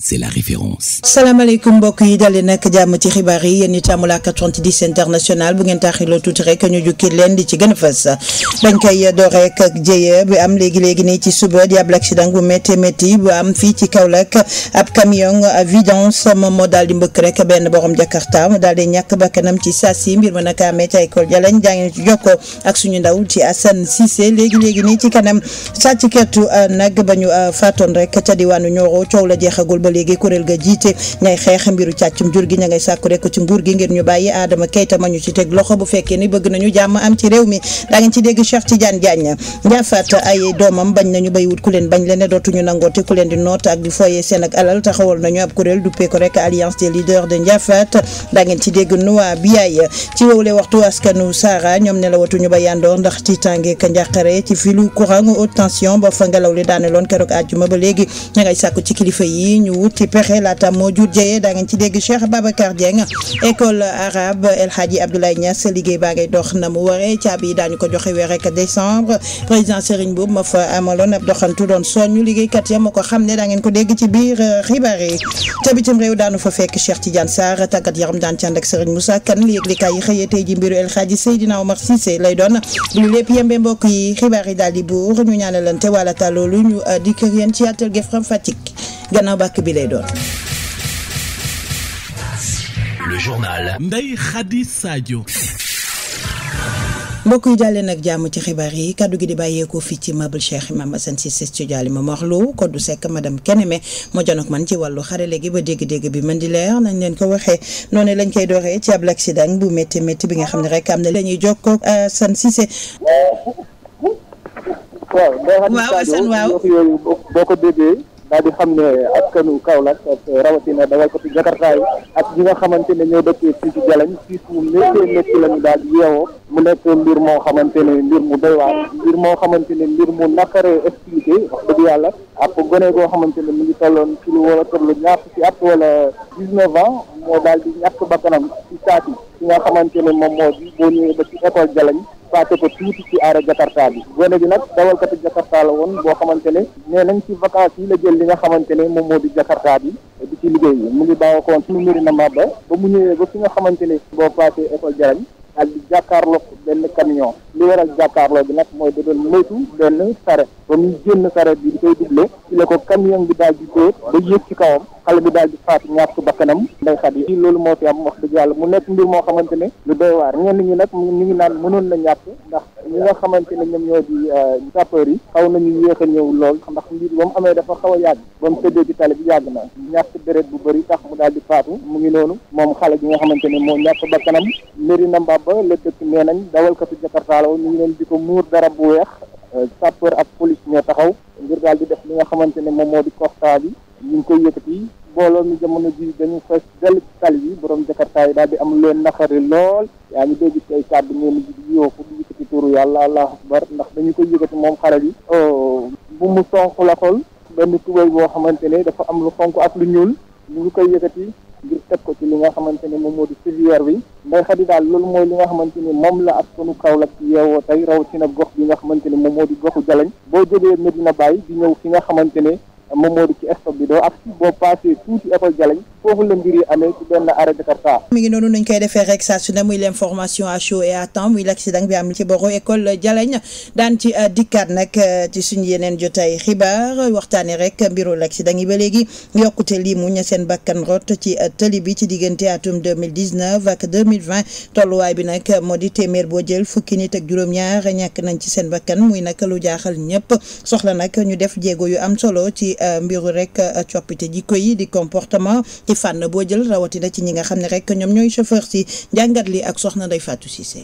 c'est la référence. salaamaaleykum mbokk yi dalee nag jàmm ci xibaar yi yéen itam la 90 international bu ngeen taaxiloo tuuti rek ñu jukki leen di ci gën a fës dañ koy door rek ak jéye bi am léegi léegi nii ci suba di ab accident bu métti métti bu am fii ci Kaolack ab a vidange moom moo daal di mbëkk rek benn borom Jakarta mu daal di ñàkk bakkanam ci saa si mbir ma nag amee ca école Jalañ jàng ci jokkoo ak suñu ndaw ci Assane Cissé léegi léegi nii ci kanam sàcc kettu nag ba ñu euh, rek ca diwaanu Nioro coow la jeexagul. ba léegi kuréel ga jiite ñay xeex mbiru càccum jur gi ña ngay sàkku rek ci nguur gi ngir ñu bàyyi Adama Keita ma ñu ci teg loxo bu fekkee ni bëgg ci réew mi ay doomam bañ nañu bay wut ku leen bañ leen ne dootuñu nangooti ku leen di noot ak di foyee seen ak alal taxawal nañu ab kuréel duppee ko alliance des leaders de njaafaat daa ngeen ci dégg Noa Biaye ci wowle waxtu askanu Sahara ñoom ne la watuñu ba yandoor ndax tiitaange ka njàqare ci filu courant haute ba fa ngelaw li daaneloon keroog àjjuma ba léegi ña ngay wuti pexe laata moo jur jëyee daa ngeen ci dégg Cheikh Babacar Dieng école arabe El Hadji Abdoulaye Niass liggéey baa ngay dox na mu waree caabi yi daañu ko joxe weer rek décembre président Serigne Boub ma fa amaloon ab doxantu doon soññu liggéeykat ya ma ko xam ne daa ko dégg ci biir euh, xibaar yi te bitim réew daanu fa fekk Cheikh Tidiane Sarr tàggat yaram daan ci ànd ak Serigne Moussa Kane li yëglikaay yi xëyee tey ji mbiru El Hadji Seydina Omar Cissé bi lay doon. Le journal. Ndeye Khady Sadio. jàllee nag jàmm ci xibaar yi kàddu gi di bàyyeekoo fii ci meuble Cheikh Imam Assane Cissé studio Alima Mor Lo koddu sekk madame Keneme moo jonok man ci wàllu xarale léegi ba dégg-dégg bi mën di leer nañ leen ko waxee noone lañ koy dooree ci ab accident bu metti metti bi nga xam ne rek am na la ñuy jokkoo ak Assane waaw waaw Assane waaw daal di xam ne askanu Kaolack ak rawatina dawal ko ci Jakarta yi ak ñi nga xamante ne ñoo dëkkee fii ci Jalañ fii mu méttee métti la ñu daal di mu moo xamante ne mbir mu doy waar mbir moo xamante ne mbir mu naqaree expliqué wax dëgg yàlla ak gone goo xamante ne mu ngi tolloon ci lu wala tollu ñaar ci at wala dix-neuf ans moo daal di ñàkk bakkanam ci saati ki nga xamante ne moom moo di boo ñëwee ba ci école Jalañ faate ko tuuti ci aara Jakarta bi gone bi nag dawalkatu Jakarta la woon boo xamante ne nee nañ ci vacances yi la jël li nga xamante ne moom moo di Jakarta bi di ci liggéey bi mu ngi baaxoo ko woon mu mbiri na mabba ba mu ñëwee ba fi nga xamante ne boo passé école Jalañ daal di jàkkaarloo benn camion li waral jàkkaarloo bi nag mooy da doon moytu benn saret ba muy génn saret bi di koy doublé ci la ko camion bi daal di dóor ba yéeg ci kawam xale bi daal di faatu ñàkk bakkanam nday xat yi loolu moo fi am wax dëgg yàlla mu nekk mbir moo xamante ne lu doy waar ñenn ñi nag ñu ngi naan mënoon na ñàkk ndax ñi nga xamante ne ñoom ñoo di euh, sapeurs yi na nañu yéex a ñëw lool ndax mbir ba mu amee dafa xaw a yàgg ba mu tëddee ci tali bi yàgg na ñàkk deret bu bëri tax mu daal di faatu mu ngi noonu moom xale bi nga xamante ne moo ñàkk bakkanam mairie Namba ba la dëkk nee nañ dawalkatu Jakarta la ñu ngi leen di ko muur dara bu weex Euh, sapeur ak police ñoo taxaw ngir daal di def li nga xamante ne moom moo di constat bi ñu koy yëkkati mbooloo jamono ji dañu fees dell ci tali bi borom jakartaa yi daal di am leen naqari lool yaa ngi dégg ci ay kàddu ngeen di yóofu di yëkkati turu yàlla allahu akbar ndax dañu koy yëkkati moom xale bi oh, bu mu sonq la xol benn tubéy boo xamante ne dafa am lu xonk ak lu ñuul ñu ngi koy yëkkati ngir teg ko ci li nga xamante ne moom moo di filière bi nday xadi daal loolu mooy li nga xamante ne moom la askanu Kaolack yeewoo tey na gox bi nga xamante ne moom moo di goxu Jalañ boo jógee Medina Baye di ñëw fi nga xamante ne moom moo di ci stop bi doo ngi noonu nañ koy defee rek saa su muy l'information à chaud et à temps muy l'accident bi am ci boru école Jalañ daan ci euh, nag euh, ci suñu yeneen jotaay xibaar waxtaanee rek mbiru l'accident yi ba léegi yokkute lii mu ña seen bakkan ci euh, tëli bi ci diggante atum 2019 ak 2020 tolluwaay bi nag moo di téeméer boo jël fukki nit ak juróom-ñaar ñàkk nañ ci seen bakkan muy nag lu jaaxal ñëpp soxla nag ñu def jéego yu am solo ci Euh, mbiru rek euh, coppite jikko yi di comportement ci fànn boo jël rawatina ci ñi nga xam ne rek ñoom ñooy chauffeur si njàngat li ak soxna fàttu Fatou Cissé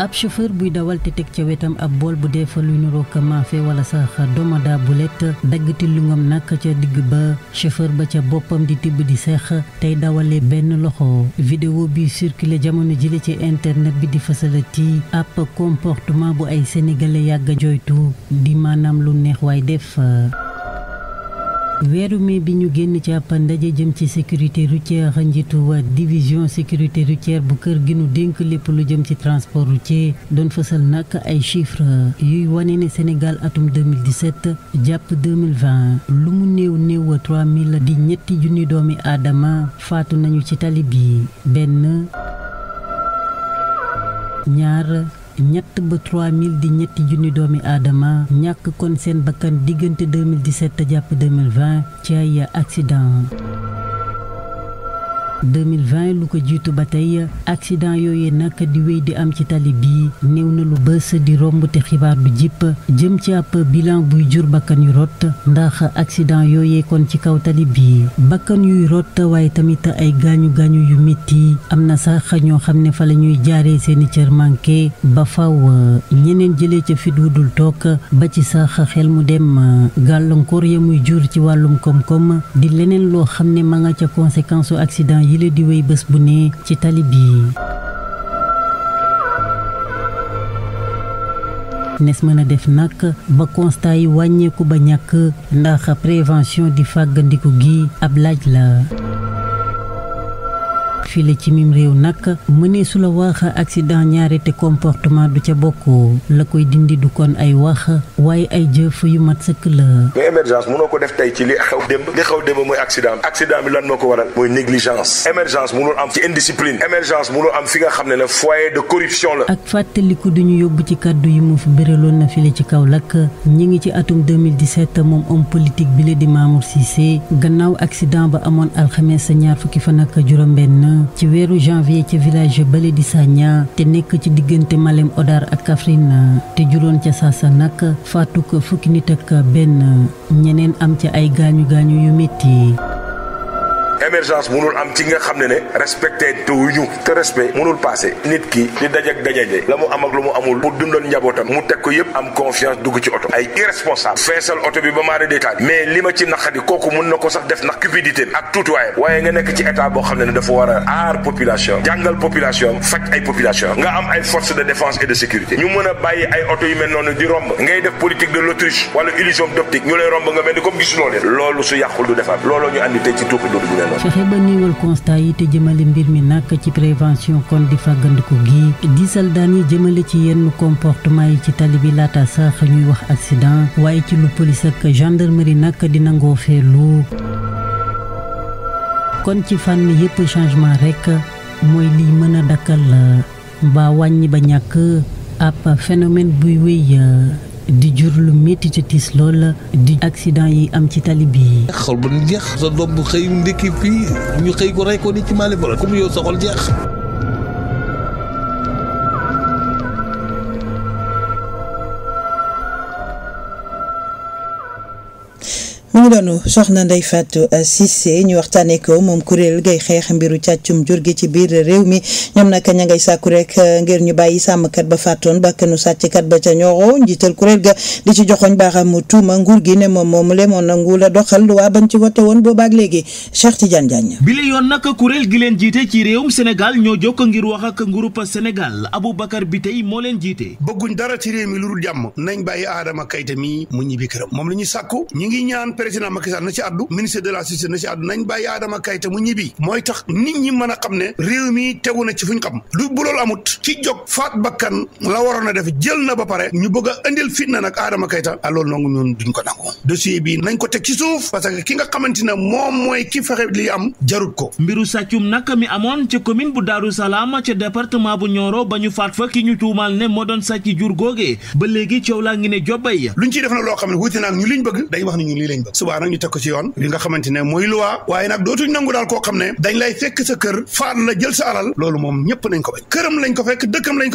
ab chauffeur buy dawal te teg ca wetam ab bool bu dee fa lu niroog maafe wala sax domada bulet daggati lu ngam nag ca digg ba chauffeur ba ca boppam di tibb di seex tey dawale benn loxo vidéo bi circulé jamono jile ci internet bi di fasalati ab comportement bu ay sénégalais yàgg a joytu di maanaam lu neex waay def weeru mai bi ñu génn ci ab ndaje jëm ci sécurité routière njiitu waa division sécurité routière bu kër ginu dénk lépp lu jëm ci transport routier doon fësal nag ay chiffres yuy wane ne Sénégal atum 2017 jàpp 2020 lu mu néew néew 3000 di ñetti junni doomi aadama faatu nañu ci tali bi benn ñaar. ñett ba 3000 di ñetti junni doomi aadama ñàkk kon seen bakkan diggante 2017 jàpp 2020 ci ay accident 2020 lu ko jiitu ba tey accident yooyu nag di wéy di am ci tali bii néew na lu bës di romb te xibaar du jipp jëm ci ab bilan buy jur bakkan yu rot ndax accident yooyee kon ci kaw tali bii bakkan yuy rot waaye tamit ay gaañu gaañu yu métti am na sax ñoo xam ne fa la ñuy jaaree seeni cër manqué ba faw ñeneen jëlee ca fit dul toog ba ci sax xel mu dem gàllankoor ya muy jur ci wàllum koom-koom di leneen loo xam ne ma nga ca conséquence accident yi yile di wéy bés bu ne ci tali bii nes mën a def nag ba constat yi wàññeeku ba ñakk ndax prévention di fàggandiku gi ab laaj la fii la ci mim réew nag mënee su la wax accident ñaare te comportement du ca bokk la koy dindi du kon ay wax waaye ay jëf yu mat sëkk la. mais ko def tey ci li xew démb li xew démb mooy accident bi accident bi ko waral mooy négligence émergence mënul am ci indiscipline émergence am fi nga xam ne ne foyer de corruption la. ak fàttaliku du ñu yóbbu ci kàddu yi mu fi bëraloon na file ci Kaolack ñi ngi ci atum 2017 moom homme politique bi la di Mamour Cissé gannaaw accident ba amoon alxames sa ñaar fukki fan ak juróom-benn. ci weeru janvier ca village Bale di Sagna te nekk ci diggante Malem Odar ak Kaffrine te juróon ca saasa nag faatu ko fukki nit ak benn ñeneen am ca ay gaañu gaañu yu métti. émergence mënul am ci nga xam ne ne respecté tuuñu te respect mënul passé nit ki di dajak dajaje la mu am ak lu mu amul pour dundoon njabootam mu teg ko yëpp am confiance dugg ci oto ay irresponsable feesal oto bi ba maara détail mais li ma ci naqadi kooku mën na ko sax def ndax cupidité ak tuutuwaayam waaye nga nekk ci état boo xam ne ne dafa war a aar population jàngal population faj ay population nga am ay forces de défense et de sécurité ñu mën a bàyyi ay oto yu ñu lay romb nga mel ni fexe ba néewal constat yi te jëmale mbir mi nak ci prévention kon di fàggandiku gi diisal daan yi jëmale ci yenn comportement yi ci tali bi laata sax ñuy wax accident waaye ci lu police ak gendarmerie nag di nangoo feelu kon ci fànn yépp changement rek mooy liy mën a dakkal mbaa wàññi ba ñàkk ab phénomène buy wéy di jur lu métti te tiis lool la di accident yi am ci tali bi. xol ba nu jeex sa doom bu xëy ndékki fii ñu xëy ko rey ko ni ci maali borom comme yow sa xol jeex. mu ngi doonu soxna Ndeye Fatou Cissé ñu waxtaanee moom kuréel gay xeex mbiru càccum jur gi ci biir réew mi ñoom nag ña ngay sàkku rek eh, ngir ñu bàyyi sàmm kat ba fàttoon bakkanu sàcckat ba ca ñoo njiital kuréel ga li ci joxoñ baaxamu tuuma nguur gi ne moom moomu le moon nangu la doxal waa bañ ci te woon boobaak léegi Cheikh Tidiane Diagne bi la yoon naka kuréel gi leen jiite ci réewum senegal ñoo jokk ngir wax ak nguurub Sénégal Aboubacar Biteye moo leen jiite bëgguñ dara ci réew lu jàmm nañ bàyyi Adama Kayta mi mu ñibbi moom la ñuy président Macky Sall na ci addu ministre de la a xam ne réew mi tegu na ci fuñ xam lu bu waroon a def jël na ba a indil fitna nag Adama Kayta a ah, loolu nangu ñun duñ ko nangu dossier ko teg ci suuf parce ki nga xamante ne moom mooy ki fexe li am jarut ko mbiru sàccum nag mi amoon ca commune bu Daaru Salaam ca bu Nioro ba ñu faat fa ki ñu tuumal ne moo doon sàcc jur googe ba léegi coow laa ngi ne jobbay luñ ciy def na loo xam ne wuute naa ñu liñ bëgg dañ wax ne ñu lii lañ bëgg subaa nag ñu teg ko ci yoon li nga xamante ne mooy luwaa waaye nag dootuñ nangu daal koo xam ne dañ lay fekk sa kër faat la jël sa alal loolu moom ñëpp nañ ko bañ këram lañ ko fekk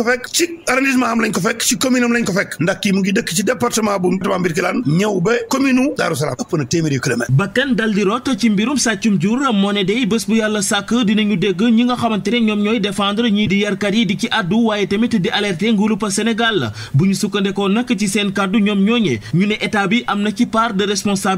fekk ci arrondissement am lañ ko fekk ci commune am lañ ko fekk ndax kii mu ngi dëkk ci département bu département Birkelane ñëw ba commune u Daaru Salaam ëpp na téeméeri kilomètre bakkan dal di root ci mbirum sàccum jur moo ne day bés bu yàlla sàkk dinañu dégg ñi nga xamante ne ñoom ñooy défendre ñii di yarkat di ci addu waaye tamit di alerter nguuru pa nak ci seen kàddu ñoom ñooñee ñu ne état bi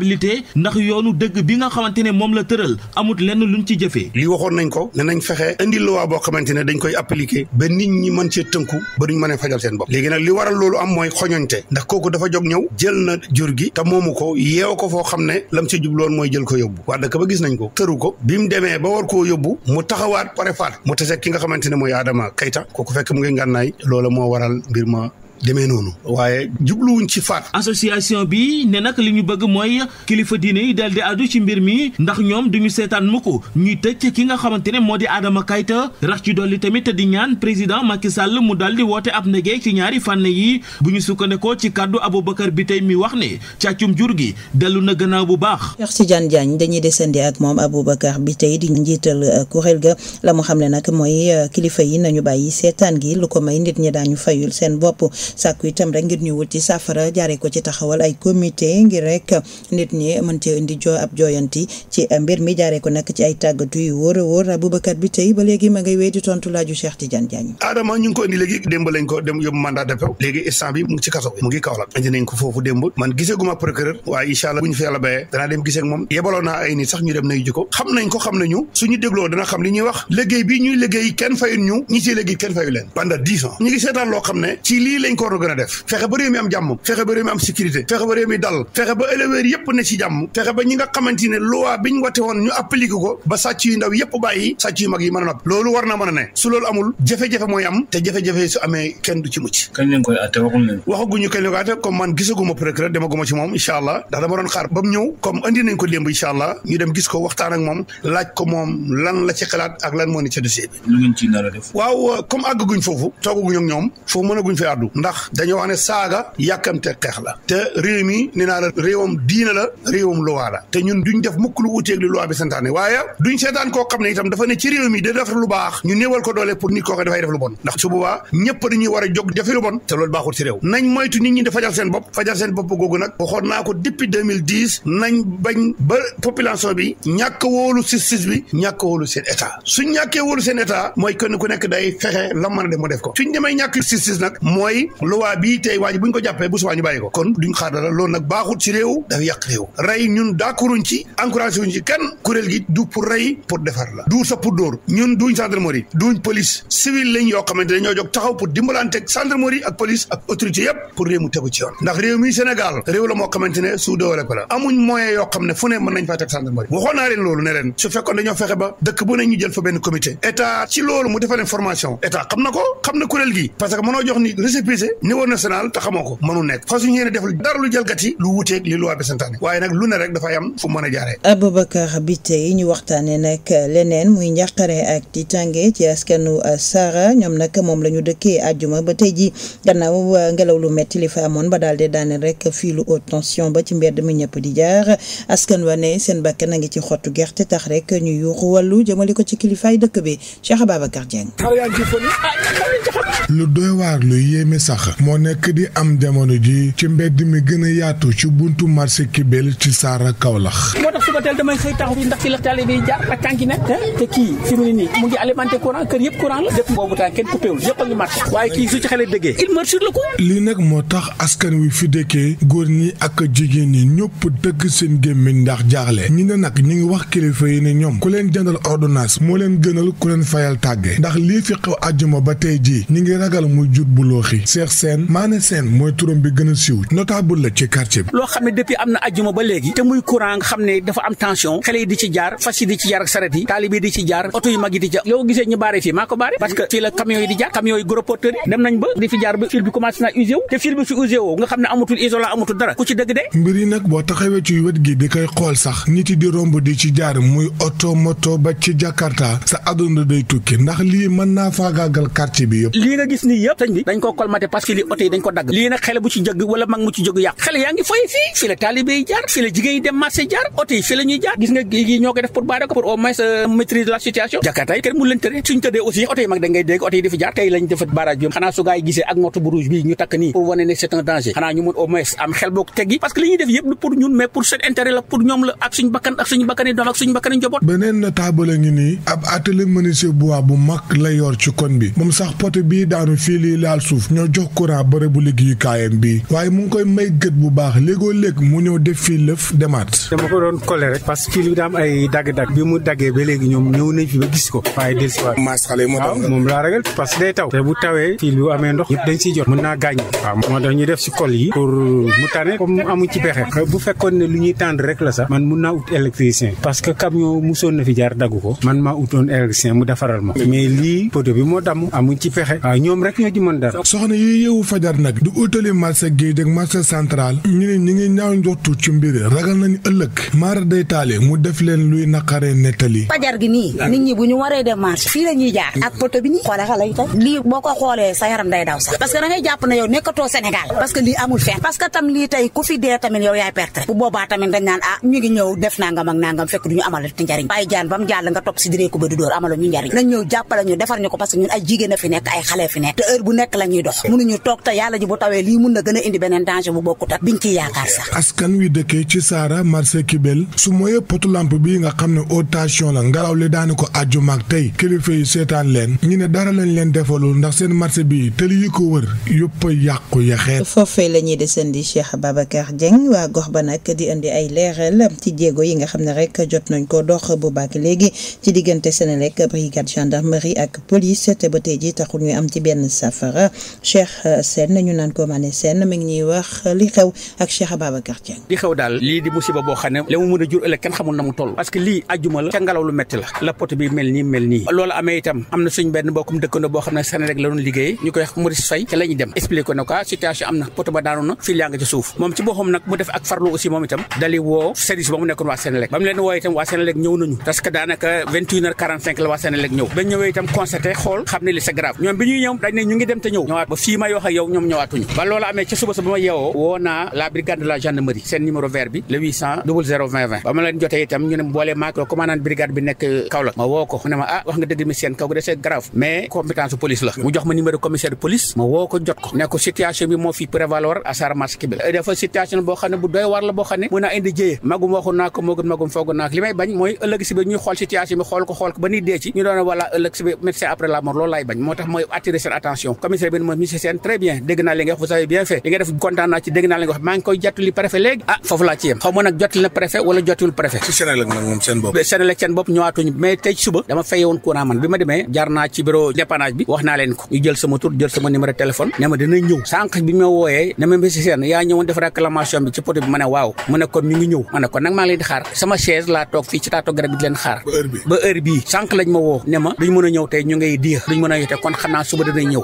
responsabilité ndax yoonu dëgg bi nga xamante ne moom la tëral amut lenn luñ ci jëfee li waxoon nañ ko ne nañ fexe indi loi boo xamante ne dañ koy appliquer ba nit ñi mën cee tënku ba duñ mën a fajal seen bopp léegi nag li waral loolu am mooy xoñoñte ndax kooku dafa jog ñëw jël na jur gi te moomu ko yeew ko foo xam ne lam ci jubloon mooy jël ko yóbbu waa dëkk ba gis nañ ko tëru ko bi mu demee ba war koo yóbbu mu taxawaat pare faat mu tase ki nga xamante ne mooy Adama Kayta kooku fekk mu ngi ngànnaay loola moo waral mbir ma demee noonu waaye jubluwuñ ci faat association bi ne nag li ñu bëgg mooy kilifa diine yi daal di àddu ci mbir mi ndax ñoom duñu seetaan mukk ñuy tëj ki nga xamante ne moo di Adama Kayta rax ci dolli tamit di ñaan président Macky sàll mu daal di woote ab ndege ci ñaari fànn yi bu ñu sukkandikoo ci kàddu Aboubacar bi tey mi wax ne càccum jur gi dellu na gannaaw bu baax Cheikh Tidiane Diagne dañuy desandi ak moom Aboubacar bi tey di njiital euh, kuréel ga la mu xam ne nag mooy euh, kilifa yi nañu bàyyi seetaan gi lu ko may nit ñi daañu fayul seen bopp sàkku itam rek ngir ñu wut ci saafara jaaree ko ci taxawal ay comité ngir rek nit ñi mën cee indi joo ab jooyanti ci mbir mi jaaree ko nag ci ay tàggatu yu wóor a wóor Aboubacar bi tey ba léegi ma ko indi léegi dem yóbbu mandat de pew léegi instant bi mu ngi ci man gisee guma procureur waaye incha allah bu ñu fi yàlla bayee danaa dem gisee ak moom yebaloo naa ay nit sax ñu dem nañu ji xam nañ ko xam nañu suñu dégloo dana xam li ñuy wax liggéey bi ñuy liggéey kenn fayul ñu ñi ci liggéey kenn fayu leen ñu ngi seetaan loo encore gën a def fexe ba réew mi am jàmm fexe ba réew mi am sécurité fexe ba réew mi dal fexe ba éleveur yëpp ne ci jàmm fexe ba ñi nga xamante ne loi bi wate woon ñu appliqué ko ba sàcc yu ndaw yëpp bàyyi sàcc yu mag yi mën a nopp loolu war na a ne su loolu amul jafe-jafe mooy am te jafe-jafe su kenn du ci mucc kañ lañ koy àtte waxul leen waxaguñu kañ lañ koy àtte comme man gisaguma procureur demaguma ci moom incha allah ndax dama doon xaar ba ñëw comme andi ko la ci xalaat ak lan moo ni ca a guñ fay àddu ndax dañoo wax ne saaga ñu néewal ko a jóg jafe lu bon te loolu baaxul ci réew nañ moytu nit ñi di fajal seen bopp fajal seen bopp googu nag waxoon naa ko depuis 2010 nañ bañ ba population bi ñàkk wóolu justice bi ñàkk wóolu seen état su ñàkkee wóolu seen état mooy kenn ku nekk day fexe la mën a def mu def ko suñ demee ñàkk justice nag mooy ni loi bii tey waa ji bu ñu ko jàppee bu subaa ñu bàyyi ko kon duñ xaar dara loolu nag baaxut ci réew dafa yàq réew rey ñun d'accorduñ ci encouragé wuñ kenn kuréel gi du pour rey pour defar la du sa pour dóor ñun duñ gendarmerie duñ police civil lañ yoo xamante dañoo jóg taxaw pour dimbalanteeg gendarmerie ak police ak autorité yëpp pour réew mu tegu ci yoon ndax réew mi Sénégal réew la moo xamante ne suu doole ko la amuñ moyen yoo xam fu ne mën organiser niveau national te xamoo ko mënu nekk fas yu ñeene def dara lu jalgati lu wuteeg li loi bi santaane waaye nag lu ne rek dafay am fu mën a jaaree Aboubacar bi tey ñu waxtaane nag leneen muy njàqare ak di tànge ci askanu uh, Sahara ñoom nag moom la ñu dëkkee àjjuma ba tey ji gannaaw uh, ngelaw lu metti li fa amoon ba daal de daane rek fii lu haute ba ci mbedd mi ñëpp di jaar askan wa ne seen bakkan a ngi ci xottu gerte tax rek ñu yuuxu wallu jëmale ko ci kilifaay dëkk bi Cheikh Ababacar Dieng sax moo nekk di am jamono ji ci mbedd mi gën a yaatu ci buntu marché Kibel ci Saara Kaolack. moo tax suba teel damay xëy taxaw fi ndax fi la taale bi jaar ak tànki nag moo tax askan wi fi dëkkee góor ñi ak jigéen ñi ñëpp dëgg seen gémmiñ ndax jaaxle ñi ne nag ñi ngi wax kilifa yi ne ñoom ku leen jëndal ordonnance moo leen gënal ku leen fayal tàgge ndax lii fi xew àjjuma ba tey ji ñi ngi ragal muy jur bu looxi Cheikh Sène Mané mooy turam bi gën a siiw notable la ci quartier bi. loo xam ne depuis am na ajjuma ba léegi te muy courant nga xam ne dafa am tension xale di ci jaar fas yi di ci jaar ak saret taalib yi di ci jaar oto yu mag yi di jaar jaar camion fil bi commencé naa usé te fil bi su usé nga xam ne amatul isolant amatul dara ku ci dëgg de mbir nag boo taxawee ci wet gi di koy xool sax nit di romb di ci jaar muy oto moto ba ci Jakarta sa aduna day tukki parce que li oto yi dañ ko dagg lii nag xale bu ci jóg wala mag mu ci jóg yàq xale yaa ngi fay fii fii taalibe yi jaar fii jigéen yi dem marché jaar oto yi fii ñoo ko def pour baare ko pour au moins euh, maîtrise la situation Jakarta yi kenn mu leen tëddee suñu oto yi mag jaar tey lañ defa barrage bi xanaa su gisee ak moto bu rouge bi ñu takk nii pour wane ne c'est un la pour ñoom la ak suñu bakkan ak suñu bakkani doom ak suñu bakkani njaboot beneen jox courant bërëb bu liggéeyukaayam bi waaye mu ngi koy may gët bu baax léegoo léeg mu ñëw def fii lëf demaat. dama ko doon collé rek parce fii li daam ay dagg-dagg bi mu daggee ba léegi ñoom ñëw nañ fi ba gis ko waaye dellusiwaat. maas xale moo tax moo tax ñu def si col yi pour mu tane comme amu ci pexe bu fekkoon ne lu ñuy tendre rek la sax man mun naa ut électricien parce que camion musoon na fi jaar dagg ko man maa utoon électricien mu defaral ma ñuy yeewu fajar nag du utali marché géej ak marché central ñi ñaaw njortu ci mbiri ragal nañu ëllëg maara day taale mu def leen luy naqaree nettali fajar gi nii nit ñi bu ñu waree dem marché fii la jaar ak poto bi nii xoolee xa lay tey lii boo ko xoolee sa yaram day daw sax parce que jàpp ne yow ah, ñu ñëw def nangam ak nangam fekk du ñu amal te njariñ bàyyi jaan ba mu nga topp si diree ko ba du dóor ñu njariñ nañ jàppale ñu defar ñu ko parce ñu toog te yàlla ji bu tawee lii mun na gën a indi beneen danger bu bokkut ak biñ ciy yaakaar sax. askan wi dëkkee ci Saara marché Kibel su moyee potu lamp bi nga xam ne haute tension la ngelaw li daani ko àjjuma ak tey kilifa yi seetaan leen ñu ne dara lañ leen defalul ndax seen marché bi tëli yi ko wër yëpp a yàqu yaxeet. foofee la ñuy desandi Cheikh Babacar Dieng waa gox ba nak di indi ay leeral ci jéego yi nga xam ne rek jot nañ ko dox bu baax léegi ci diggante Senelec brigade gendarmerie ak police te ba tey ji taxul ñu am ci benn safara Cheikh eh, Sène naan ko Mané Sène mi ngi wax eh, li xew ak Cheikh Ababacar Dieng li xew daal lii di musiba boo xam ne la a jur ëllëg kenn xamul na mu ñëw ba ñëwee itam constaté xool xam ne li c'est grave ñoom bi ñuy ñëw dañ ne ñu ngi dem te ñëw ci may wax ñoom ñëwaatuñu ba loolu amee ci suba sa ma yeewoo woo la brigade de la gendarmerie seen numéro vert bi le 800 00 20 20 ba ma leen jotee itam ñu ne boolee maak commandant brigade nekk Kaolack bi moo fi prévaloir à Sar Marché eh, Kébémer dafa situation boo moo gën magum foogu naa ko li may bañ bi ñuy xool situation dee ci ñu doon wala ëllëg si bi médecin après la mort loolu bañ moo tax mooy attirer seen attention commissaire bi Sène très bien dégg naa li nga wax vous avez bien fait li nga def kontaan naa ci dégg naa li nga wax maa ngi koy jottali préfet léegi ah foofu laa ci yem xaw ma nag jottali na préfet wala jottiwul préfet ci Senelec nag moom seen bopp Senelec seen bopp ñëwaatuñu mais tey suba dama fay woon courant man bi ma demee jaar naa ci bureau dépannage bi wax naa leen ko ñu jël sama tur jël sama numéro téléphone ne ma dina ñëw sànq bi ma wooyee ne ma Mbési Sène yaa ñëwoon def réclamation bi ci poto bi ma ne waaw mu ne kon ñu ngi ñëw ma ne kon nag maa ngi leen di xaar sama chaise laa toog fii ci taatu garab bi di leen xaar ba heure bii sànq lañ ma woo ne ma duñ mën a ñëw tey ñu ngay diir duñ mën a ñëw tey kon xam naa suba dinañ ñëw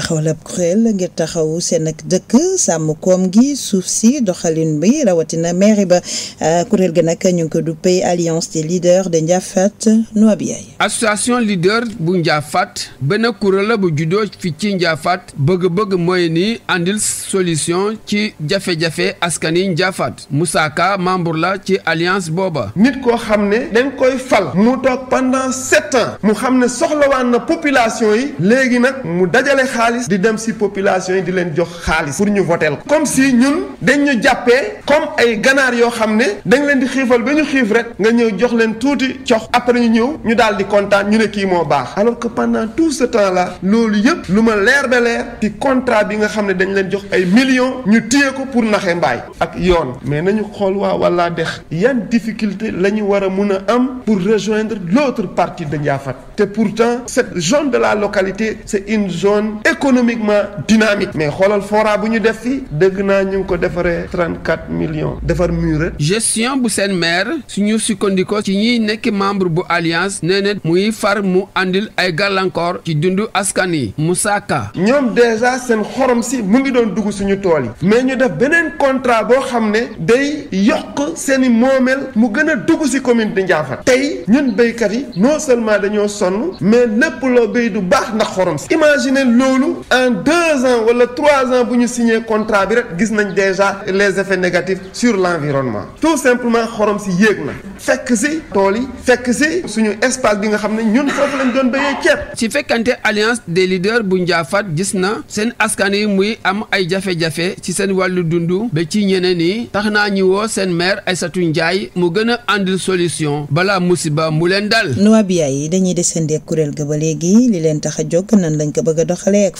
taxawal ab kuréel ngir taxawu seen ak dëkk sàmm koom gi suuf si doxalin bi rawatina mairie ba euh, kuréel gi nag ñu ngi ko duppee alliance des leaders de Ndiaffate Noabiaye association leader bu Ndiaffate benn kuréel la bu juddoo fi ci Ndiaffate bëgg-bëgg mooy ni indil solution ci jafe-jafe askan yi Ndiaffate Moussa membre la ci alliance booba. nit ko xam ne dañ koy fal mu toog pendant sept ans mu xam ne soxlawaan na population yi léegi nag mu dajale xaalis xaalis di dem si population yi di leen jox xaalis pour ñu voteel ko comme si ñun dañ ñu jàppee comme ay ganaar yoo xam ne dañ leen di xiifal ba ñu xiif rek nga ñëw jox leen tuuti cox après ñu ñëw ñu daal di kontaan ñu ne kii moo baax alors pendant tout ce temps là loolu yëpp lu ma leer ba leer ci contrat bi nga xam ne dañ leen jox ay millions ñu téye ko pour naxe mbaay ak yoon mais nañu xool waa walla dex yan difficulté la ñu war a mun a am pour rejoindre l'autre partie de Ndiaffate te pourtant cette zone de la localité c'est une zone économiquement dynamique mais xoolal fora bu ñu def fii dëgg naa ñu ngi ko defaree trente quatre million defar mur gestion bu seen maire suñu sukkandikoo ci ñiy nekk membre bu alliance nee na muy far mu andil ay gàllankoor ci dundu askan yi Moussa Ka ñoom déjà seen xorom si mu ngi doon dugg suñu tool yi mais ñu def beneen contrat boo xam ne day yokk seen i moomeel mu gën a dugg si commune di Ndiaffate tey ñun béykat yi non seulement dañoo sonn mais lépp loo béy du baax ndax xorom si imagine loolu ñun en ans wala trois ans bu ñu signé contrat bi rek gis nañ déjà les effets négatifs sur l'environnement tout simplement xorom si yéeg na fekk si tool yi fekk si suñu espace bi nga xam ne ñun foofu lañ doon béyee ceeb. ci fekkante alliance des leaders bu Ndiaffate gis na seen askan muy am ay jafe-jafe ci seen wàllu dund ba ci ñeneen yi tax naa ñu woo seen maire satu Ndiaye mu gën a àndil solution balaa musiba mu leen dal. noa bi yi dañuy desandi ak kuréel ga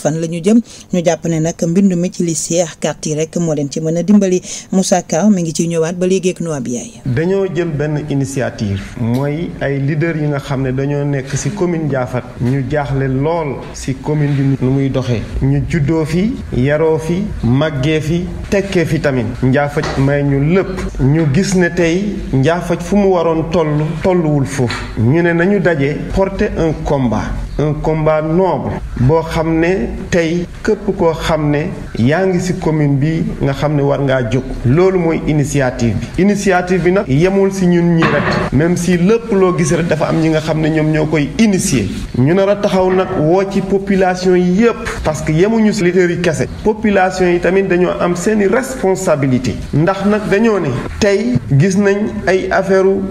fan la ñu jëm ñu jàpp ne nag mbindu mi ci lycée ak carte yi rek moo leen ci mën a dimbali Moussa Ka mi ngi ciy ñëwaat ba léegi ak Noa Biaye. dañoo jël benn initiative mooy ay leader yi nga xam ne dañoo nekk ci commune Ndiaffate ñu jaaxle lool ci commune bi nu muy doxee ñu juddoo fi yaroo fi màggee fi tekkee fi tamit Ndiaffate may ñu lépp ñu gis ne tey Ndiaffate fu mu waroon toll tolluwul foofu ñu ne nañu daje porter un combat un combat noble boo xam ne tey këpp koo xam ne yaa ngi ci commune bi nga xam ne war ngaa jóg loolu mooy initiative bi initiative bi nag yemul ci ñun ñi rek même si lépp loo gis rek dafa am ñi nga xam ne ñoom ñoo koy initier ñu nar a taxaw nag woo ci population yi yëpp parce que yemuñu ci leader yi kese population yi tamit dañoo am seeni responsabilité ndax nag dañoo ne tey gis nañ ay affaire u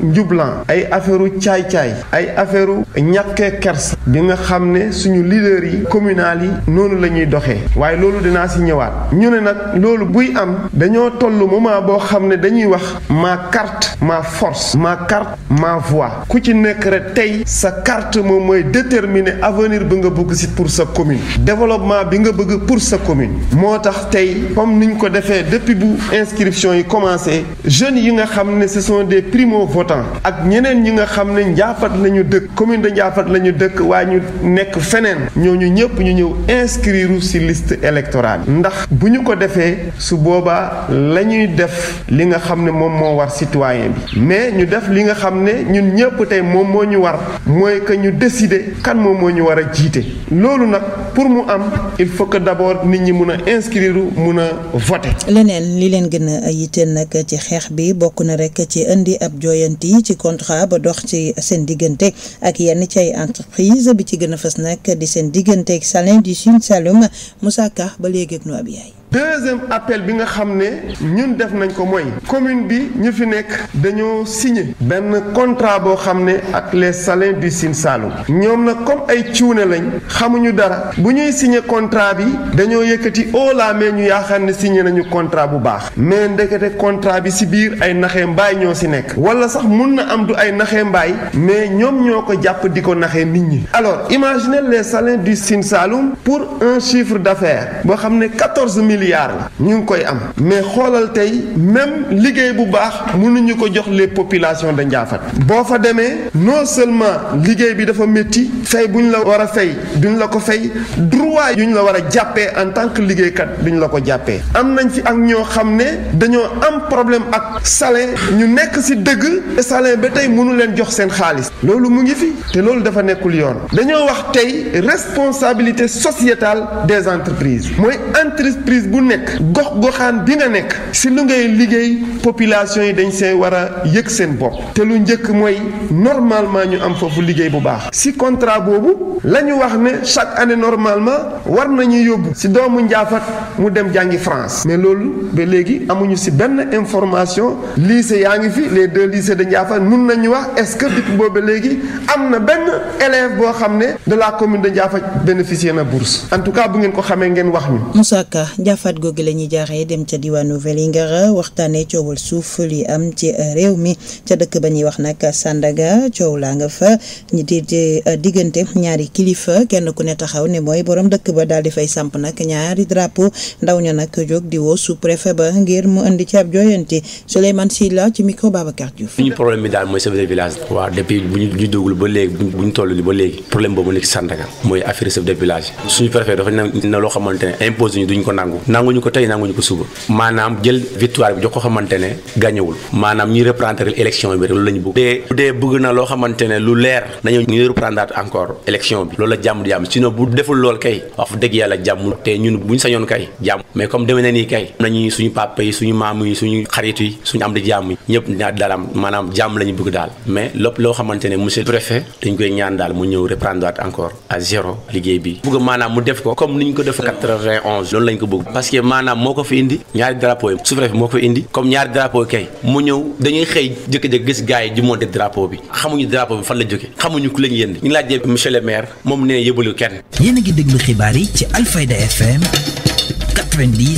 ay affaire u caay-caay ay affaire u bi nga xam ne suñu leader yi communal yi noonu la ñuy doxee waaye loolu dinaa si ñëwaat ñu ne nag loolu buy am dañoo toll moment boo xam ne dañuy wax ma carte ma force ma carte ma voix ku ci nekk rek tey sa carte moom mooy déterminer avenir bi nga bëgg si pour sa commune développement bi nga bëgg pour sa commune moo tax tey comme niñ ko defee depuis bu inscription yi commencé jeunes yi nga xam ne ce sont des primo votants ak ñeneen ñi nga xam ne njaafaat la dëkk commune de la ñu dëkk tamit nekk feneen ñooñu ñëpp ñu ñëw inscrire ci liste électorale ndax bu ñu ko defee su boobaa la ñuy def li nga xam ne moom moo war citoyen bi mais ñu def li nga xam ne ñun ñëpp tey moom moo ñu war mooy que ñu décider kan moom moo ñu war a jiite loolu nag pour mu am il faut que d'abord nit ñi mun a inscrire mun a voter. leneen li leen gën a yitteel nag ci xeex bi bokk na rek ci indi ab yi ci contrat ba dox ci seen diggante ak yenn ci entreprise bi ci gën a fës nag di seen digganteeg Salin du Sine Saloum Moussa Ka ba léegi ak Noa yaay deuxième appel bi nga xam ne ñun def nañ ko mooy commune bi ñu fi nekk dañoo signé benn contrat boo xam ne ak les salins du Sine Saloum ñoom nag comme ay cuune lañ xamuñu dara bu ñuy signé contrat bi dañoo yëkkati haut la main ñu yaakaar ne signé nañu contrat bu baax mais ndekete contrat bi ci biir ay naxee mbaay ñoo ci nekk walla sax mun na am du ay naxee mbaay mais ñoom ñoo ko jàpp di ko naxee nit ñi alors imaginez les salins du Sine Saloum pour un chiffre d boo milliards la ñu ngi koy am mais xoolal tey même liggéey bu baax mënuñu ko jox les populations de Ndiaffate boo fa demee non seulement liggéey bi dafa métti fay bu ñu la war a fay duñ la ko fay droit yu ñu la war a jàppee en tant que liggéeykat ñu la ko jàppee am nañ fi ak ñoo xam ne dañoo am problème ak salaire ñu nekk ci dëgg te ba tey mënu leen jox seen xaalis loolu mu ngi fi te loolu dafa nekkul yoon dañoo wax tey responsabilité sociétale des entreprises bu nekk gox goxaan bi nga nekk si lu ngay liggéey population yi dañ see war a yëg seen bopp te lu njëkk mooy normalement ñu am foofu liggéey bu baax si contrat boobu la ñu wax ne chaque année normalement war nañu yóbbu si doomu njaafat mu dem jàngi France mais loolu ba léegi amuñu si benn information lycée yaa ngi fi les deux lycées de Ndiaffate mun nañu wax est-ce que depuis boobu ba léegi am na benn élève boo xam ne de la commune de Ndiaffate bénéficier na bourse en tout cas bu ngeen ko xamee ngeen wax faat googu la ñuy jaaree dem ca diwaanu Vélingara waxtaanee coowal suuf li am ci uh, réew mi ca dëkk ba ñuy wax nag Sandaga coow laa nga fa ñu di uh, diggante ñaari kilifa kenn ku ne taxaw ne mooy borom dëkk ba daal di fay samp nag ñaari drapeau ndaw ña nag jóg di woo sous préfet ba mu indi ci ab jooyanti Souleymane Sylla ci micro Babacar Diouf. suñu problème bi daal mooy chef de village. waaw depuis bu ñu dugg ba léegi bu ñu toll nii ba léegi problème boobu nekk Sandaga mooy affaire chef de village suñu préfet dafa na loo xamante ne impose ñu duñ ko nangu nanguñu ko tey nanguñu ko suba maanaam jël victoire bi jox ko xamante ne gàññewul maanaam ñuy reprendre élection bi rek loolu la ñu bëgg dee bu dee bëgg na loo xamante ne lu leer nañu ñuy reprendre encore bi loolu jàmm am sinon bu deful lool kay wax dëgg te ñun buñ sañoon kay jàmm mais comme demee na nii kay nañu suñu papa suñu maam yi suñu xarit suñu am di jàmm ñaa dalam maanaam jàmm la ñu bëgg daal mais lépp loo xamante ne monsieur le préfet dañ koy mu ñëw reprendre encore à zéro bi maanaam mu def ko comme niñ ko def 91 loolu lañ ko bëgg parce que maanaam moo ko fi indi ñaari drapeau yi sous-préfet moo ko fi indi comme ñaari drapeau kay mu ñëw dañuy xëy jëkk gis gars yi di monter bi xamuñu drapeau bi fan la jóge xamuñu ku lañu yénd ñu ngi laajee monsieur moom nee yëbalu kenn yéen a ngi déglu xibaar yi ci Alfayda FM 90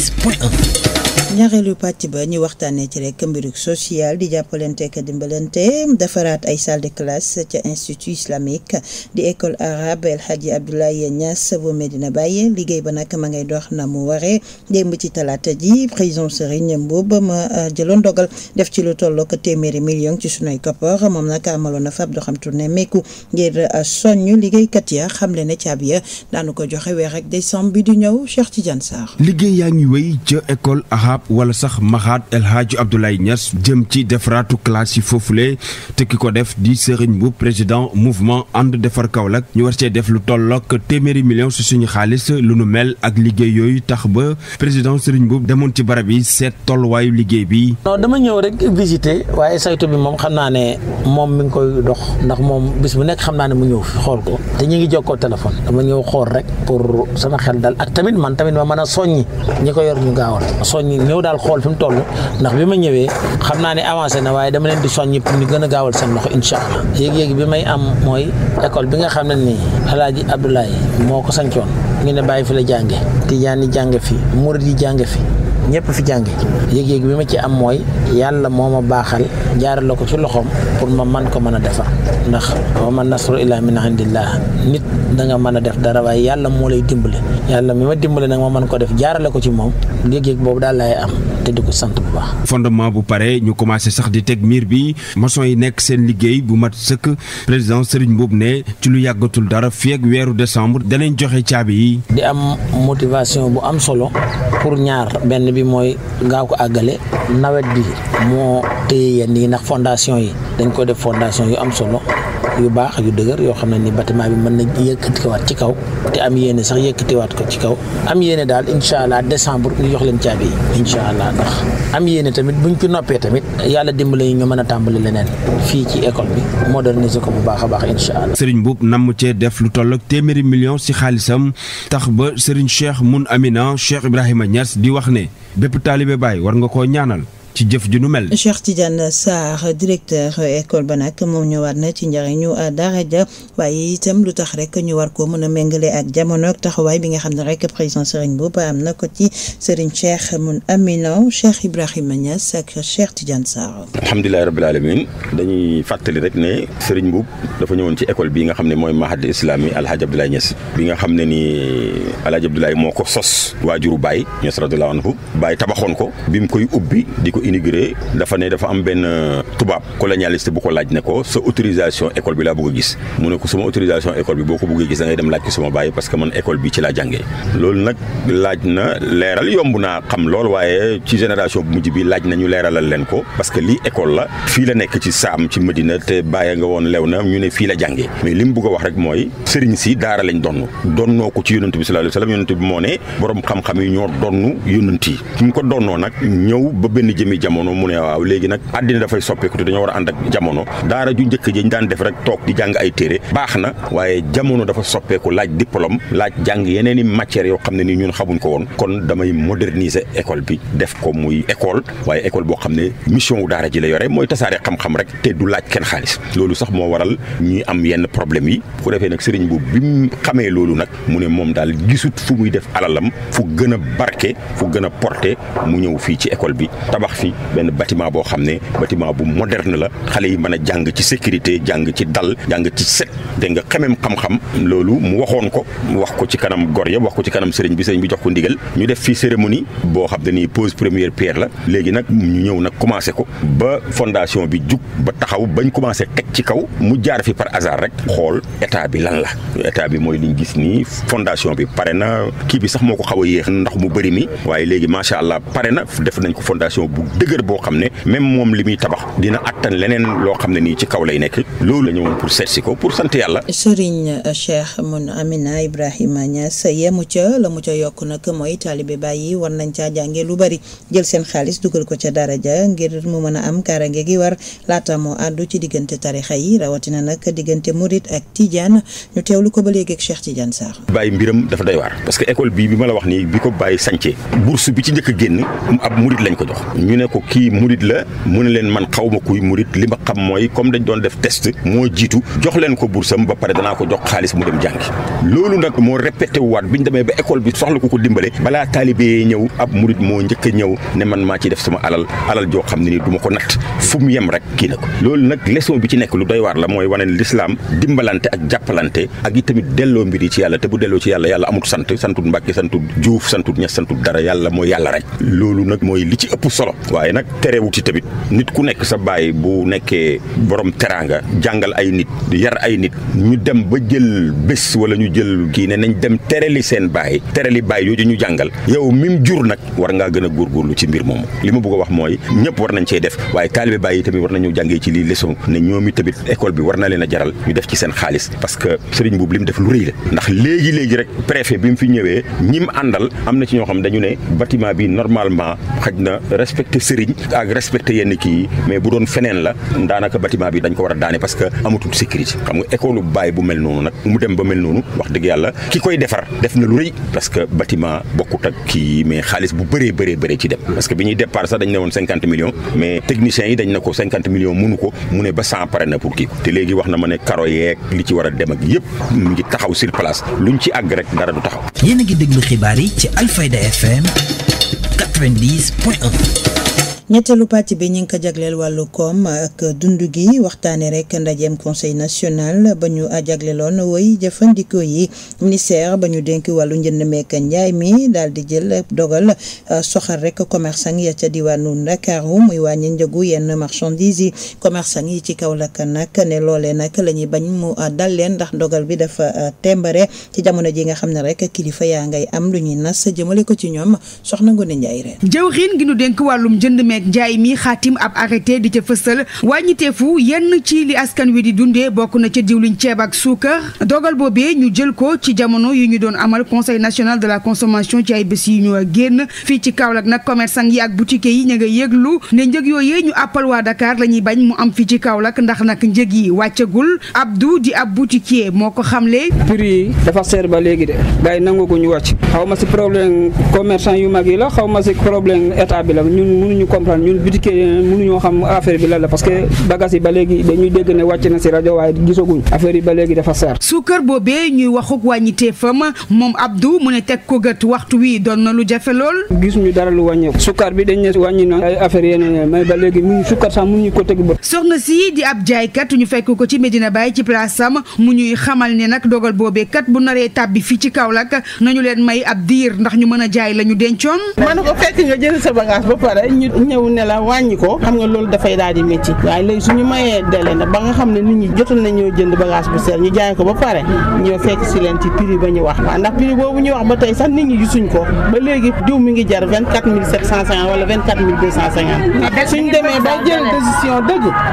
ñaareelu pàcc ba ñu waxtaanee ci rek mbiruk social di jàppalante ak dimbalante defaraat ay salle de classe ca institut islamique di école arabe El Hadji Abdoulaye Niass bu Medina Baye liggéey ba nag ma ngay dox na mu waree démb ci talaata ji président Serigne Mboup ma euh, jëloon dogal def ci lu tollook téeméeri million ci sunuy koppar moom nag amaloon na fab doxam tourné meeku ngir euh, soññ liggéeykat ya xam xamle ne caabi ya daanu ko joxe weer rek décembre bi di ñëw Cheikh Tidiane Sarr liggéey Pape wala sax Mahat El Hadj Abdoulaye Niass jëm ci defaraatu classe yi foofule te ki ko def di Serigne bu président mouvement ànd defar Kaolack ñu war cee def lu tollook téeméeri million si suñu xaalis lu nu mel ak liggéey yooyu tax ba président Serigne Mboup demoon ci barab yi seet tolluwaayu liggéey bi. non dama ñëw rek visiter waaye saytu bi moom xam naa ne moom mi ngi koy dox ndax moom bis bu nekk xam naa ne mu ñëw xool ko te ñu ngi jokkoo téléphone dama ñëw xool rek pour sama xel dal ak tamit man tamit ma mën a soññi ko yor ñu gaawal ñëw daal xool fi mu toll ndax bi ma ñëwee xam naa ne avancé na waaye dama leen di soññi pour ñu gën a gaawal seen loxo incha allah yéeg-yéeg bi may am mooy école bi nga xam ne nii alaaji Abdoulaye moo ko sancoon ngeen ne bàyyi fi la jànge tijaan yi jànge fi murit yi jànge fi ñëpp fi jànge yëg-yëg bi ma ci am mooy yàlla moo ma baaxal jaarale ko ci loxoom pour ma man ko mën a defar ndax wa man nasru illaa min indillah nit da nga mën a def dara waaye yàlla moo lay dimbale yàlla mi ma dimbale nag ma mën ko def jaarale ko ci moom yëg-yëg boobu daal laay am te di ko sant bu baax. fondement bu pare ñu commencé sax di teg miir bi moson yi nekk seen liggéey bu mat sëkk président Serigne Mboup ne ci lu yàggatul dara fii ak weeru décembre danañ joxe caabi yi. di am motivation bu am solo mooy gaaw ko àggale nawet bi moo téye yenn yi ndax fondation yi dañ ko def fondation yi am solo yu baax yu dëgër yoo xam ne ni bâtiment bi mën na yëkkatiwaat ci kaw te am yéene sax yëkkatiwaat ko ci kaw am yéene daal incha allah décembre ñu jox leen caabi yi incha allah ndax am yéene tamit buñ ci noppee tamit yàlla dimbale ñu mën a tàmbali leneen fii ci école bi moderniser ko bu baax a baax incha allah. Serigne Mboup namm cee def lu toll ak téeméeri million si xaalisam tax ba Serigne Cheikh Moun Amina Cheikh Ibrahima Niass di wax ne bépp taalibe Baay war nga koo ci jëf ju nu mel. Cheikh Tidiane Sarr directeur école ba nag moom ñëwaat na ci njariñu daara ja waaye itam lu tax rek ñu war ko mën a méngale ak jamono ak taxawaay bi nga xam ne rek président Serigne Mboup am na ko ci Serigne Cheikh mun Amina Cheikh Ibrahima Niass ak Cheikh Tidiane Sarr. alhamdulilah rabbil alamin dañuy fàttali rek ne Serigne Mboup dafa ñëwoon ci école bi nga xam ne mooy mahad islami Alhaji Abdoulaye Niass bi nga xam ne ni Alhaji Abdoulaye moo ko sos waajuru Baye Niass ko bi ko ko inauguré dafa ne dafa am benn euh, tubaab colonialiste bu ko laaj ne ko sa autorisation école bi laa bëgg a gis mu ne ko sama autorisation école bi boo ko bëggee gis da ngay dem laaj ko sama bàyyi parce que man école bi ci laa jàngee loolu nag laaj na leeral yomb naa xam lool waaye ci génération bu mujj bi laaj nañu leeralal leen ko parce que lii école la fii la nekk ci saam ci Medina te bàyyi nga woon lew na ñu ne fii la jàngee mais li mu bëgg a wax rek mooy sëriñ si daara lañ donn donnoo ko ci yonent bi sallallahu alayhi wa moo ne borom xam-xam yi ñoo donn yonent yi mu jëmmi jamono mu ne waaw léegi nag àddina dafay soppeeku te dañoo war a ànd ak jamono daara ju njëkk ji ñu daan def rek toog di jàng ay téere baax na waaye jamono dafa soppeeku laaj diplôme laaj jàng yeneen i matières yoo xam ne ni ñun xamuñ ko woon kon damay moderniser école bi def ko muy école waaye école boo xam ne mission daara ji la yore mooy tasaare xam-xam rek te du laaj kenn xaalis loolu sax moo waral ñuy am yenn problème yi bu defee nag sëriñ bu bi mu xamee loolu nag mu ne moom daal gisut fu muy def alalam fu gën a barke fu gën a porté mu ñëw ci école bi fi benn bâtiment boo xam ne bâtiment bu moderne la xale yi mën a jàng ci sécurité jàng ci dal jàng ci set dégg nga xemem xam-xam loolu mu waxoon ko wax ko ci kanam gor ya wax ko ci kanam sëriñ bi sëriñ bi jox ko ndigal ñu def fii cérémonie boo xam ne dañuy pose première pierre la léegi nag ñu ñëw nag commencé ko ba fondation bi jug ba taxaw bañ commencé teg ci kaw mu jaar fi par hasard rek xool état bi lan la état bi mooy liñ gis nii fondation bi pare na kii bi sax moo ko xaw a yéex ndax mu bëri mi waaye léegi macha allah dëgër boo xam ne même moom li muy tabax dina attan leneen loo xam ne nii ci kaw lay nekk loolu la ñëwoon pour seet si ko pour sant yàlla. Serigne euh, Cheikh mun Amina Ibrahima Niass yemu ca la mu ca yokk nag mooy taalibe bàyyi war nañ caa jàngee lu bari jël seen xaalis dugal ko ca dara ja ngir mu mën a am kaaraange gi war laata moo àddu ci diggante tarixa yi rawatina nag diggante Murit ak Tidiane ñu lu ko ba léegi ak Cheikh Tidiane Sarr. bàyyi mbiram dafa doy waar parce que école bii bi ma la wax nii bi ko bàyyi sàncee bourse bi ci njëkk a génn ab Murit lañ ko jox ne ko kii murit la mu ne leen man xaw ma kuy murit li ma xam mooy comme dañ doon def test moo jiitu jox leen ko bursam ba pare danaa ko jox xaalis mu dem jàngi loolu nag moo répété waat bi ñu ba école bi soxla ku ko dimbale balaa taalibe yee ñëw ab murit moo njëkk a ñëw ne man maa ci def sama alal alal joo xam ne ni du ma ko natt fu mu yem rek kii na ko loolu nag leçon bi ci nekk lu day waar la mooy wane lislaam dimbalante ak jàppalante ak i tamit delloo mbir yi ci yàlla te bu delloo ci yàlla yàlla amut sant santut Mbàkke santut Juuf santut Ñas santut dara yàlla mooy yàlla rek loolu li ci solo waaye nag terewut ci tamit nit ku nekk sa baay bu nekkee borom teraanga jàngal ay nit yar ay nit ñu dem ba jël bés wala ñu jël kii ne nañ dem tereli seen baay tereli baay yooyu ñu jàngal yow mim jur nag war ngaa gën a góorgóorlu ci mbir moomu li ma bugg a wax mooy ñëpp war nañ cee def waaye taalibe baay yi tamit war nañu jàngee ci lii leçon ne ñoomi tamit école bi war na leen a jaral ñu def ci seen xaalis parce que sëriñ boobu li mu def lu rëy ndax léegi léegi rek préfet bi mu fi ñëwee ñim àndal am na ci ñoo xam dañu ne bâtiment bi normalement xaj na sëriñ ak respecté yenn kii mais bu doon feneen la daanaka bâtiment bi dañ ko war a daane parce que amatul sécurité xam nga école bàyyi bu mel noonu nag mu dem ba mel noonu wax dëgg yàlla ki koy defar def na lu rëy parce que bâtiment bokkut ak kii mais xaalis bu bëree bëree bëree ci dem parce que bi ñuy départ sax dañ ne woon cinquante mais techniciens yi dañ ne ko cinquante millions ko mu ne ba cent pare na pour kii te léegi wax na ma ne karo yeeg li ci a dem ak yëpp mu ngi ci àgg rek ñetteelu pàcc bi ñi ngi ko jagleel wàllu koom ak gi waxtaane rek ndajeem conseil national ba ñu jagleeloon woy jëfandikoo yi ministère ba ñu dénk wàllu njënd meek njaay mi daal di jël dogal euh, soxal rek commerçant ya ca diwaanu Ndakaaru muy wàññi njëgu yenn marchandise yi commerçant yi ci kaw Kaolack nag ne loolee nag la ñuy bañ mu euh, dal leen ndax dogal bi dafa euh, tembare ci jamono ji nga xam ne rek kilifa yaa ngay am lu ñuy nas jëmale ko ci ñoom soxna Ngoné Ndiaye ren jëwriñ nag Ndiaye mi xaatim ab arrêté di ca fësal wàññiteefu yenn ci li askan wi di dundee bokk na ca diwliñ ceeb ak suukar dogal boobee ñu jël ko ci jamono yu ñu doon amal conseil national de la consommation ci ay bés yi ñu génn fii ci Kaolack nag commerçant yi ak boutique yi ña nga yëglu ne njëg yooyee ñu appal waa Dakar la ñuy bañ mu am fii ci Kaolack ndax nag njëg yi wàccagul Abdou di ab boutiquier moo ko xamle. prix yi dafa seer ba léegi de gars yi nangu gu ñu wàcc xaw ma si yu mag yi la xaw comprendre ñun boutique mënuñoo xam affaire bi lan la parce que bagage yi ba léegi dañuy dégg ne wàcc na si rajo waaye gisaguñ affaire yi ba léegi dafa seer suukar boobee ñuy waxuk wàññitee fam moom Abdou mu ne teg ko gët waxtu wi doon na lu jafe lool gisuñu dara lu wàññeeku suukar bi dañ ne wàññi na ay affaire yeneen mais ba léegi mënuñu suukar sax ko teg bët soxna si di ab jaaykat ñu fekk ko ci Medina Baye ci place am mu ñuy xamal ne nag dogal boobee kat bu naree tàbbi fii ci Kaolack nañu leen may ab diir ndax ñu mën a jaay la ñu dencoon ñëw ne la wàññi ko xam nga loolu dafay daal di métti waaye léegi suñu mayee délai na ba nga xam ne nit ñi jotul nañoo jënd bagage bu seer ñu jaay ko ba pare ñoo fekk si leen ci prix ba ñu wax waaw ndax prix ba tey sax nit ñi gisuñ ko ba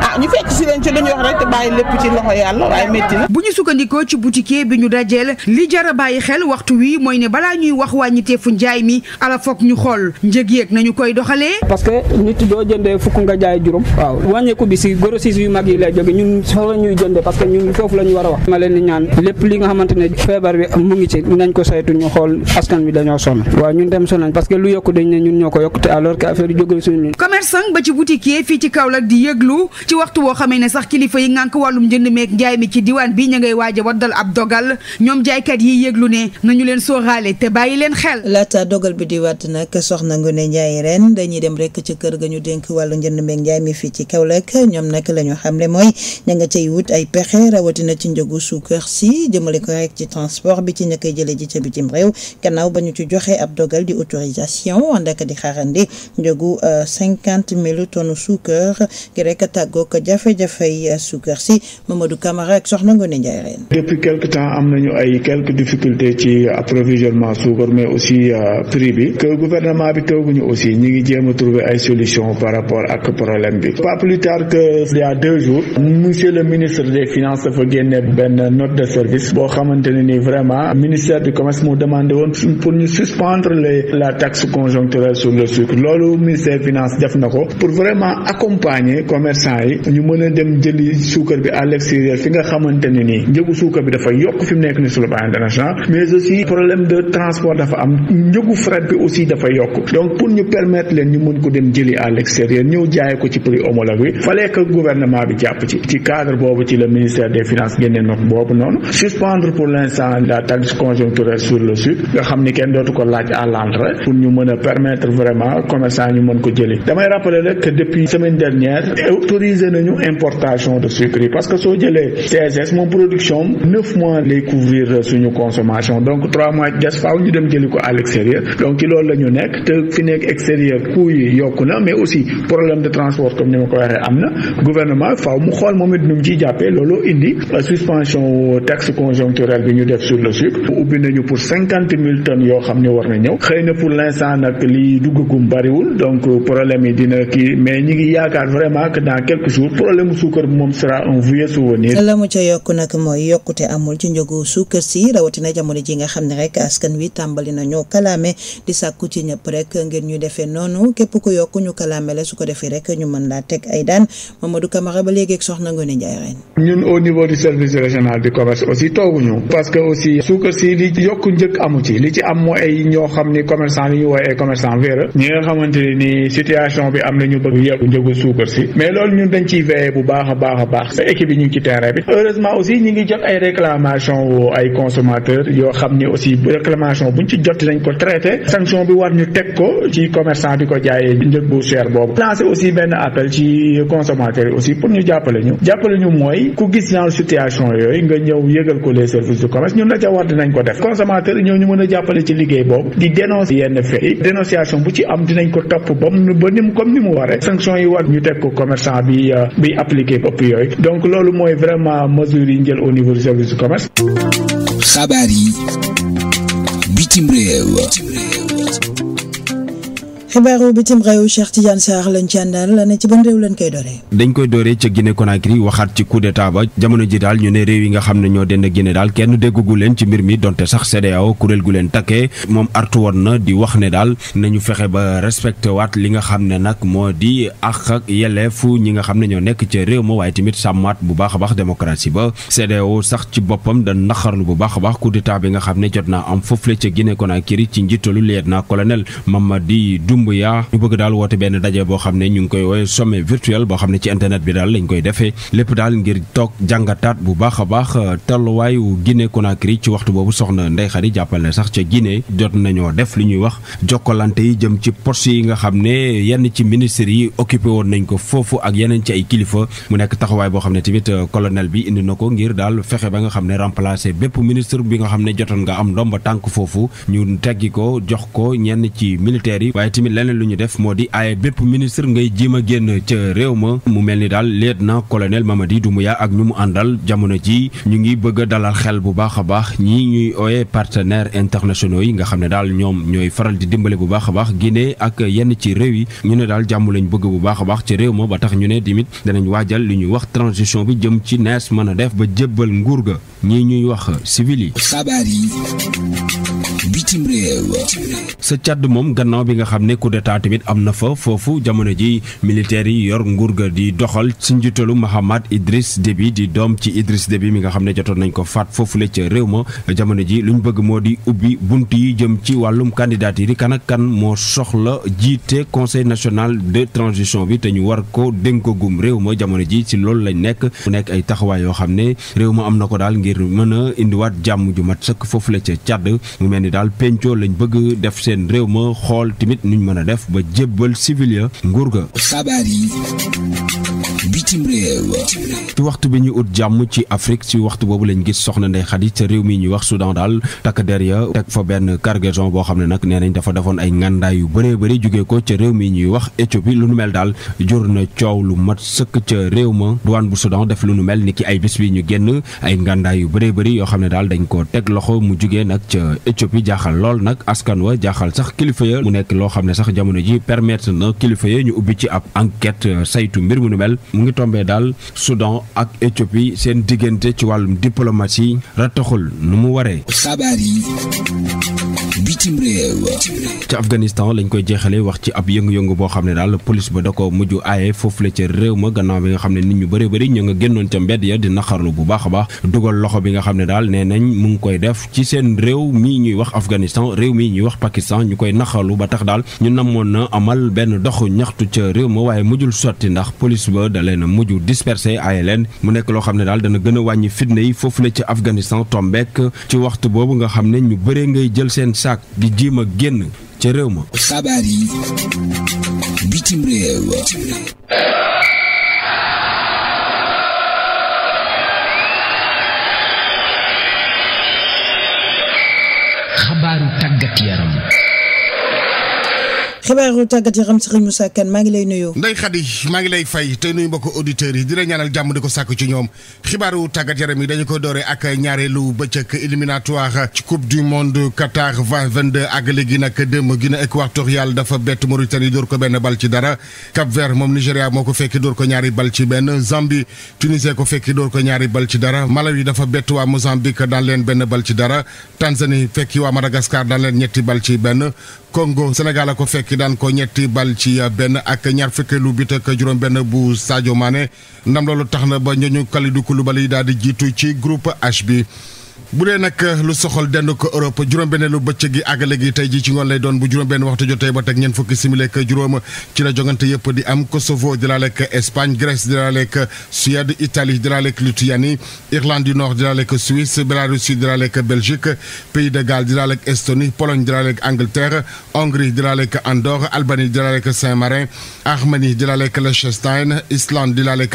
ah, ñu fekk si leen ci dañu wax rek te bàyyi lépp ci loxo yàlla waaye métti na bu ñu sukkandikoo ci boutiquier bi ñu dajeel li jar a bàyyi xel waxtu wii mooy ne balaa ñuy wax wàññiteefu njaay mi ala foog ñu xool njëg yeeg nañu koy doxalee nit doo jëndee fukk nga jaay juróom waaw wàññeeku bi si grossiste yu mag yi lay jóge ñun fa la ñuy jënde parce que ñun foofu la war a wax ma leen di ñaan lépp li nga xamante feebar bi mu ngi ci nañ ko saytu ñu xool askan bi dañoo sonn waaw ñun dem sonn parce que lu yokku dañ ne ñun ñoo ko yokk te alors que affaire yi jógee suñu commerçant ba ci boutiquier fii ci Kaolack di yëglu ci waxtu woo xamee ne sax kilifa yi ngànk wàllum jënd meeg njaay mi ci diwaan a waddal ab dogal ñoom jaaykat yi yëglu ne nañu kër ga ñu dénk wàllu njënd meeg njaay mi fii ci Kaolack ñoom nag la ñu xamle mooy ña nga cay wut ay pexe rawatina ci njëgu suukar si jëmale ko rek ci transport bi ci ña koy jëlee ji ci bitim réew gannaaw ba ñu ci joxe ab dogal di autorisation ànd ak di xaarandi njëgu euh, cinquante mille tonnes suukar gi rek tàggoo ko jafe-jafey euh, suukar si Mamadou Camara ak Soxna Ngone Ndiaye reen. depuis quelque temps am nañu ay quelques difficultés ci approvisionnement suukar mais aussi euh, solution par rapport ak problème bi pas plus tard que il deux jours monsieur le ministre des finances dafa génne benn note de service boo xamante ne ni vraiment ministère du commerce mu demandé woon pour ñu suspendre les la taxe conjoncturelle sur le sucre loolu ministère finance def na ko pour vraiment accompagner commerçants yi ñu mën a dem jëli suukar bi à l'extérieur fi nga xamante ne nii njëgu suukar bi dafa yokk fi mu nekk ni sur le plan international mais aussi de transport dafa am njëgu fret bi aussi dafa yokk jëli à l'extérieur ñëw jaay ko ci prix homologue bi fallait que gouvernement bi jàpp ci ci cadre boobu ci le ministère des finances génne na boobu noonu suspendre pour l'instant la taxe conjoncturelle sur le sucre nga xam ni kenn dootu ko laaj à l'entrée pour ñu mën a permettre vraiment commerçant ñu mën ko jëli damay rappeler rek que depuis semaine dernière autorisé nañu importation de sucre yi parce que soo jëlee CSS moom production neuf mois lay couvrir na mais aussi problème de transport comme ni ma ko waxee am na gouvernement faaw mu xool moom it nu mu ciy jàppee loolu indi euh, suspension taxe conjoncturelle bi ñu def sur le sucre ubbi nañu pour cinquante yoo xam ne war na ñëw xëy na pour l'instant nag li duggagum bariwul donc euh, problème yi dina kii mais ñi ngi yaakaar vraiment que dans quelques jours problème suukar bi moom sera un vieux souvenir. la mu ca yokk nag mooy yokkute amul ci njëgu suukar si rawatina ku ñu kalaamele su ko defee rek ñu mën laa teg ay daan Mamadou Camara ba léegi ak soxna Ngoné Ndiaye ren ñun au niveau du service régional du commerce aussi tooguñu parce que aussi suukar si li yokk njëkk amu ci li ci am mooy ay ñoo xam ni commerçant li ñu woowee ay commerçant ñun dañ ciy veiller bu baax a baax a baax équipe yi ñu ci terrain bi heureusement aussi ñi ngi jot ay réclamation wu ay consommateurs yoo xam ni aussi réclamation buñ ñu ci bu cher boobu lancé aussi benn appel ci consommateurs yi aussi pour ñu jàppale ñu jàppale ñu mooy ku gis genre situation yooyu nga ñëw yëgal ko les services du commerce ñun la ca war dinañ ko def consommateurs yi ñoo ñu mën a jàppale ci liggéey boobu di dénoncer yenn fait yi dénonciation bu ci am dinañ ko topp ba mu ba ni mu comme ni mu waree sanction yi war ñu teg ko commerçant bi euh, bi appliqué ëpp yooyu donc loolu mooy vraiment mesure yi njël au niveau du service du commerce xabaar yi bitim réew xibaaru bitim réew Cheikh Tidiane Sarr lañ ci àndal la ne ci ban réew lañ koy dooree. dañ koy dooree ca Guinée Conakry waxaat ci coup ba jamono ji daal ñu ne réew yi nga xam ne ñoo dend Guinée daal kenn déggugu leen ci mbir mi donte sax CEDEAO kuréel gu leen takkee moom artu woon na di wax ne daal nañu fexe ba respecté waat li nga xam ne nag moo di àq ak fu ñi nga xam ne ñoo nekk ca réew ma waaye tamit sàmmaat bu baax a baax démocratie ba CEDEAO sax ci boppam da naxarlu bu baax baax coup d'état bi nga xam ne jot naa am foofule ca Guinée Conakry ci njiitalu lieutenant colonel Mamadi Doumbouya ñu bëgg daal woote benn daje boo xam ne ñu ngi koy woowee sommet virtuel boo xam ne ci internet bi daal lañ koy defee lépp daal ngir toog jàngataat bu baax a baax euh, tolluwaayu Guinée Conakry ci waxtu boobu soxna Ndeye Khady jàppal ne sax ca Guinée jot nañoo def li ñuy wax jokkalante yi jëm ci poste yi nga xam ne yenn ci ministres yi occupé woon nañ ko foofu ak yeneen ci ay kilifa mu nekk taxawaay boo xam ne tamit euh, colonel bi indi na ko ngir daal fexe ba nga xam ne remplacer bépp ministre bi nga xam ne jotoon nga am ndomba tànk foofu ñu teggi ko jox ko ñenn ci militaires yi tamit leneen lu ñu def moo di ay bépp ministre ngay jéem a génn ca réew ma mu mel ni daal lieutenant colonel Mamadi Doumbouya ak ñu mu àndal jamono ji ñu ngi bëgg a dalal xel bu baax a baax ñii ñuy ooyee partenaires internationaux yi nga xam ne daal ñoom ñooy faral di dimbale bu baax a baax Guinée ak yenn ci réew yi ñu ne daal jàmm lañ bëgg bu baax a baax ci réew ma ba tax ñu ne tamit danañ waajal li ñuy wax transition bi jëm ci nees mën a def ba jëbbal nguur ga ñii ñuy wax civil yi bitim sa càdd moom gannaaw bi nga xam ne coup tamit am na fa foofu jamono ji militaires yi yor nguur ga di doxal ci njiitalu Mahamad Idriss Déby di doom ci Idriss Déby mi nga xam ne jotoon nañ ko faat foofu la ca réew ma jamono ji lu ñu bëgg moo di ubbi bunt yi jëm ci wàllum candidat yi di kan moo soxla jiite conseil national de transition bi te ñu war ko dénkagum réew ma jamono ji ci loolu lañ nekk mu nekk ay taxawaay yoo xam ne réew ma am na ko daal ngir mën a indiwaat jàmm ju mat sëkk foofu la ca càdd mel ni daal penco lañ bëgg def seen réew ma xool tamit nuñ mën a def ba jébbal civil ya nguur ga. xabaar yi. bitim réew ci waxtu bi ñu ut jàmm ci Afrique ci waxtu boobu lañ gis soxna Ndeye Khady ca réew mi ñuy wax Soudan daal takk der ya teg fa benn cargaison boo xam ne nag nee nañ dafa defoon ay ngàndaay yu bëree bëri jugee ko ca réew mi ñuy wax Éthiopie lu nu mel daal jur na coow lu mat sëkk ca réew ma douane bu Soudan def lu nu mel ni ki ay bis bi ñu génn ay ngàndaay yu bëree bëri yoo xam ne daal dañ ko teg loxo mu jugee nag ca Éthiopie jaaxal lool nag askan wa jaaxal sax kilifa ya nekk loo xam ne sax jamono ji permettre na kilifa ya ñu ubbi ci ab enquête saytu mbir mu nu mel mu ngi tombee daal Soudan ak Éthiopie seen diggante ci wàllum diplomatie rattaxul nu mu waree. xabaar yi bitim réew. ci Afghanistan lañ koy jeexalee wax ci ab yëngu-yëngu boo xam ne daal police ba da ko mujj aaye foofu la ca réew ma gannaaw bi nga xam ne nit ñu bëri bëri ñu nga génnoon ca mbedd ya di naqarlu bu baax a baax dugal loxo bi nga xam ne daal nee nañ mu ngi koy def ci seen réew mii ñuy wax Afghanistan réew mii ñuy wax Pakistan ñu koy naqarlu ba tax daal ñu namoon na amal benn doxu ñaxtu ca réew waaye mujjul sotti ndax police da leen mujj dispersé ay mu nekk loo xam ne daal dana gën a wàññi fitna yi foofu la ci Afghanistan tombeek ci waxtu boobu nga xam ne ñu bëree ngay jël seen saak di jéem a génn ca réew ma. xabaar yi xibaaru tàggat yaram Serigne Moussa Kane maa ngi lay nuyoo. Ndeye Khady maa ngi lay fay te nuyu mbokk auditeurs yi di la ñaanal jàmm di ko sàkk ci ñoom xibaaru tàggat yaram yi dañu ko dooree ak ñaareelu bëccëg éliminatoire ci coupe du monde Qatar 2022 ak léegi nag démb Guinée yàlla dafa bett Mauritanie dóor ko benn bal ci dara Cap Vert moom Nigéria moo ko fekki door ko ñaari bal ci benn Zambie Tunisie ko fekki dóor ko ñaari bal ci dara Malawi dafa bett waa Mozambique daan leen benn bal ci dara Tanzanie fekki waa Madagascar daan leen ñetti bal ci benn. Congo Sénégal a ko fekk daan ko ñetti bal ci euh, benn ak ñaar fukkeelu bit ak juróom-benn bu Sadio Mané ndam loolu tax na ba ñooñu Kalidou Koulibaly daal di jiitu ci groupe H bi. bu dee nag lu soxal dend ko Europe juróom-benn lu bëccëg gi àggale gi tey ji ci ngoon lay doon bu juróom-benn waxtu jotee ba teg ñeent fukki simili ak juróom ci la jongante yëpp di am Kosovo di laale ak Espagne Grèce di laale ak Suède Italie di laale ak Lituanie Irlande du Nord di laale ak Suisse Biélorussie di laale ak Belgique Pays di laale ak Estonie Pologne di laale ak Angleterre Hongrie di laale ak Andorre Albanie di laale ak Saint-Marin Arménie di laale ak Liechtenstein Islande di laale ak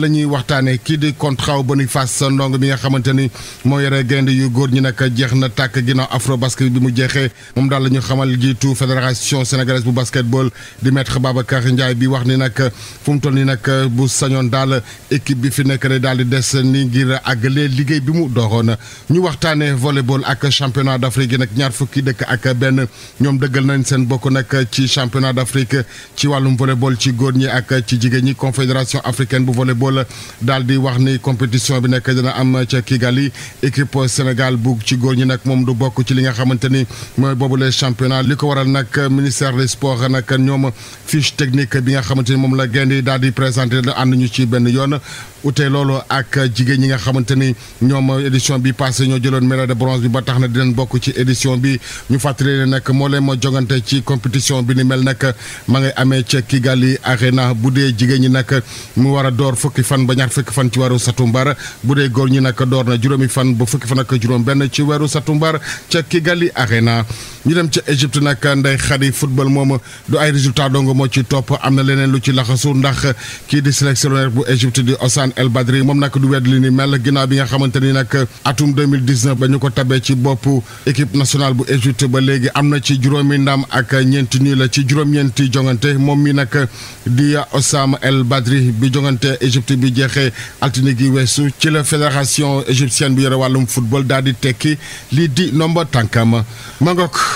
la ñuy wax waxtaanee kii di contrat Boniface Ndong bi nga xamante ni moo yore gaynde yu góor ñi nag jeex na tàkk ginnaaw Afrobasket bi mu jeexee moom daal la ñu xamal jiitu fédération sénégalaise bu basketball di maître Babacar Ndiaye bi wax ni nag fu mu toll ni nag bu sañoon daal équipe bi fi nekk daal di des ni ngir àggalee liggéey bi mu dooroon ñu waxtaanee volleyball ak championnat d'Afrique yi nag ñaar fukki dëkk ak benn ñoom dëggal nañ seen bokk nag ci championnat d'Afrique ci wàllum volleyball ci góor ñi ak ci jigéen ñi confédération africaine bu volleyball daal di wax ni compétition bi nekk dana am ca Kigali équipe Sénégal bu ci góor ñi nag moom du bokk ci li nga xamante ni mooy boobu les championnat li ko waral nag ministère des sports nag ñoom fiche technique bi nga xamante ni moom la génn daal di présenté la ànd ci benn yoon. utee loolu ak jigéen ñi nga xamante ni ñoom édition bi passé ñoo jëloon mérode de bronze bi ba tax na dinañ bokk ci édition bi ñu fàttali ne nag moo leen ma jogante ci compétition bi ni mel nag ma ngay amee ca Kigali Arena bu dee jigéen ñi nag mu war a door fukki fan ba ñaar fukki fan ci weeru satumbar bu dee góor ñi nag door na juróomi fan ba fukki fan ak juróom benn ci weeru satumbar ca Kigali Arena ñu dem ca Égypte nag nday xadi football moom du ay résultat dong moo ci topp am na leneen lu ci laxasu ndax kii di sélectionneur bu Égypte di Ossan El Badri moom nag du wedd li ni mel ginnaaw bi nga xamante ni nag atum 2019 ba ñu ko tabee ci bopp équipe nationale bu Égypte ba léegi am na ci juróomi ndam ak ñeenti nii la ci juróom-ñeenti jongante moom mi nag di Ossan El Badri bi jongante Égypte bi jeexee altine gi weesu ci la fédération égyptienne bi yore wàllum football daal di tekki lii di nomba tànkam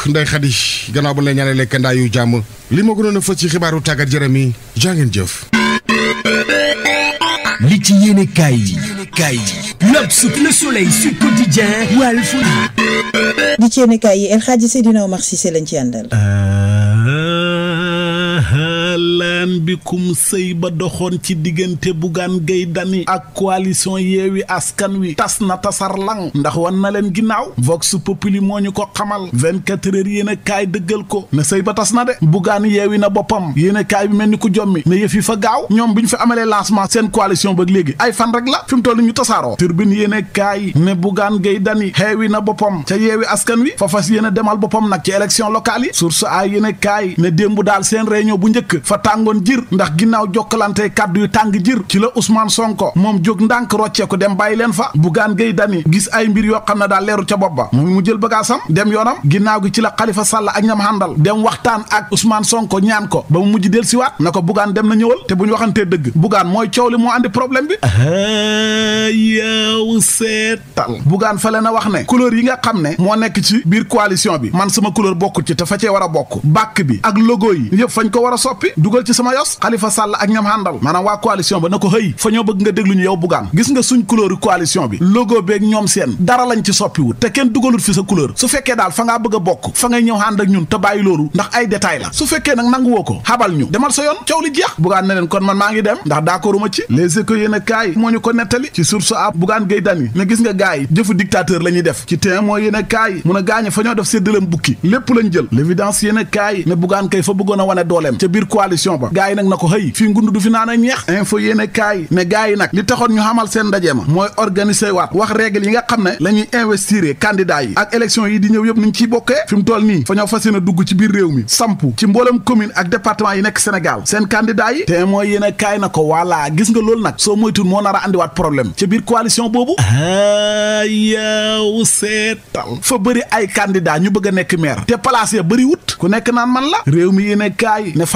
Ndeye Khady gannaaw bu ñu la ñaanalee kandaa yu jàmm li ma gënoon a fës ci xibaaru tàggat yaram yi jëf. li ci yéene kaay yi kaay yi L'Obs, Le Soleil, Sud Quotidien, li ci yéene kaay yi El Hadji Seydina Omar Cissé lañ ci àndal. Euh, laan bikum sëy ba doxoon ci diggante Bougane Gueye Dany ak coalition Yewwi Askan Wi tas na tasar lang ndax wa na leen ginnaaw Vox Populi moo ñu ko xamal 24 heures yéen a kaay dëggal ko ne sëy ba tas na de Bougane yeewi na boppam yéen a kaay bi mel ni ku jommi ne yëf fa gaaw ñoom bi ñu fi amalee lancement seen coalition ba léegi ay fan rek la fi mu ñu tasaaroo turbine yéen a kaay ne Bougane Gueye Dany xeewi na boppam ca Yewwi Askan Wi fa fas yéen a demal boppam nag ci élection locale yi a tàngoon jir ndax ginnaaw jokkalante kàddu yu tàng jir ci la Ousmane Sonko moom jóg ndànk rocceeku dem bàyyi leen fa Bougane Gueye Dany gis ay mbir yoo xam ne daal leeru ca bopp ba moom mu jël bagaasam dem yoonam ginnaaw gi ci la Khalifa Sall ak ñam àndal dem waxtaan ak Ousmane Sonko ñaan ko ba mu mujj del siwaat na ko Bougane dem na ñëwal te bu ñu waxantee dëgg Bougane mooy coow li moo andi problème bi yow seetal Bougane fale na wax ne couleur yi nga xam ne moo nekk ci biir coalition bi man sama couleur bokkul ci te fa cee war a bokk bàkk bi ak logo dugal ci sama yos Khalifa Sall ak ñam àndal maanaam waa coalition ba na ko xëy fa ñoo bëgg nga déglu ñu yow Bougane gis nga suñ couleur coalition bi logo beeg ñoom seen dara lañ ci soppiwut te kenn dugalut fi sa couleur su fekkee daal fa ngaa bokk fa ngay ñëw ñun te bàyyi ndax ay détail la su fekkee nag nangu woo ko xabal ñu demal sa yoon coow li jeex Bougane ne leen kon man maa ngi dem ndax d'accorduma ci ci source a Bougane Gueye coalition ba gars yi nag na ko xëy fii ngund du fi naan a ñeex info yéene kaay ne gars yi nag li taxoon ñu xamal seen ndaje ma mooy organiser waat wax règle yi nga xam ne la ñuy investir yi ak élection yi di ñëw yëpp ni ñu ciy bokkee fi mu toll nii fa ñoo fas dugg ci biir réew mi samp ci mboolem commune ak département yi nekk Sénégal seen candidat yi te mooy yéene kaay na ko voilà gis nga loolu nag soo moytul moo nar a andiwaat problème ci biir coalition ah,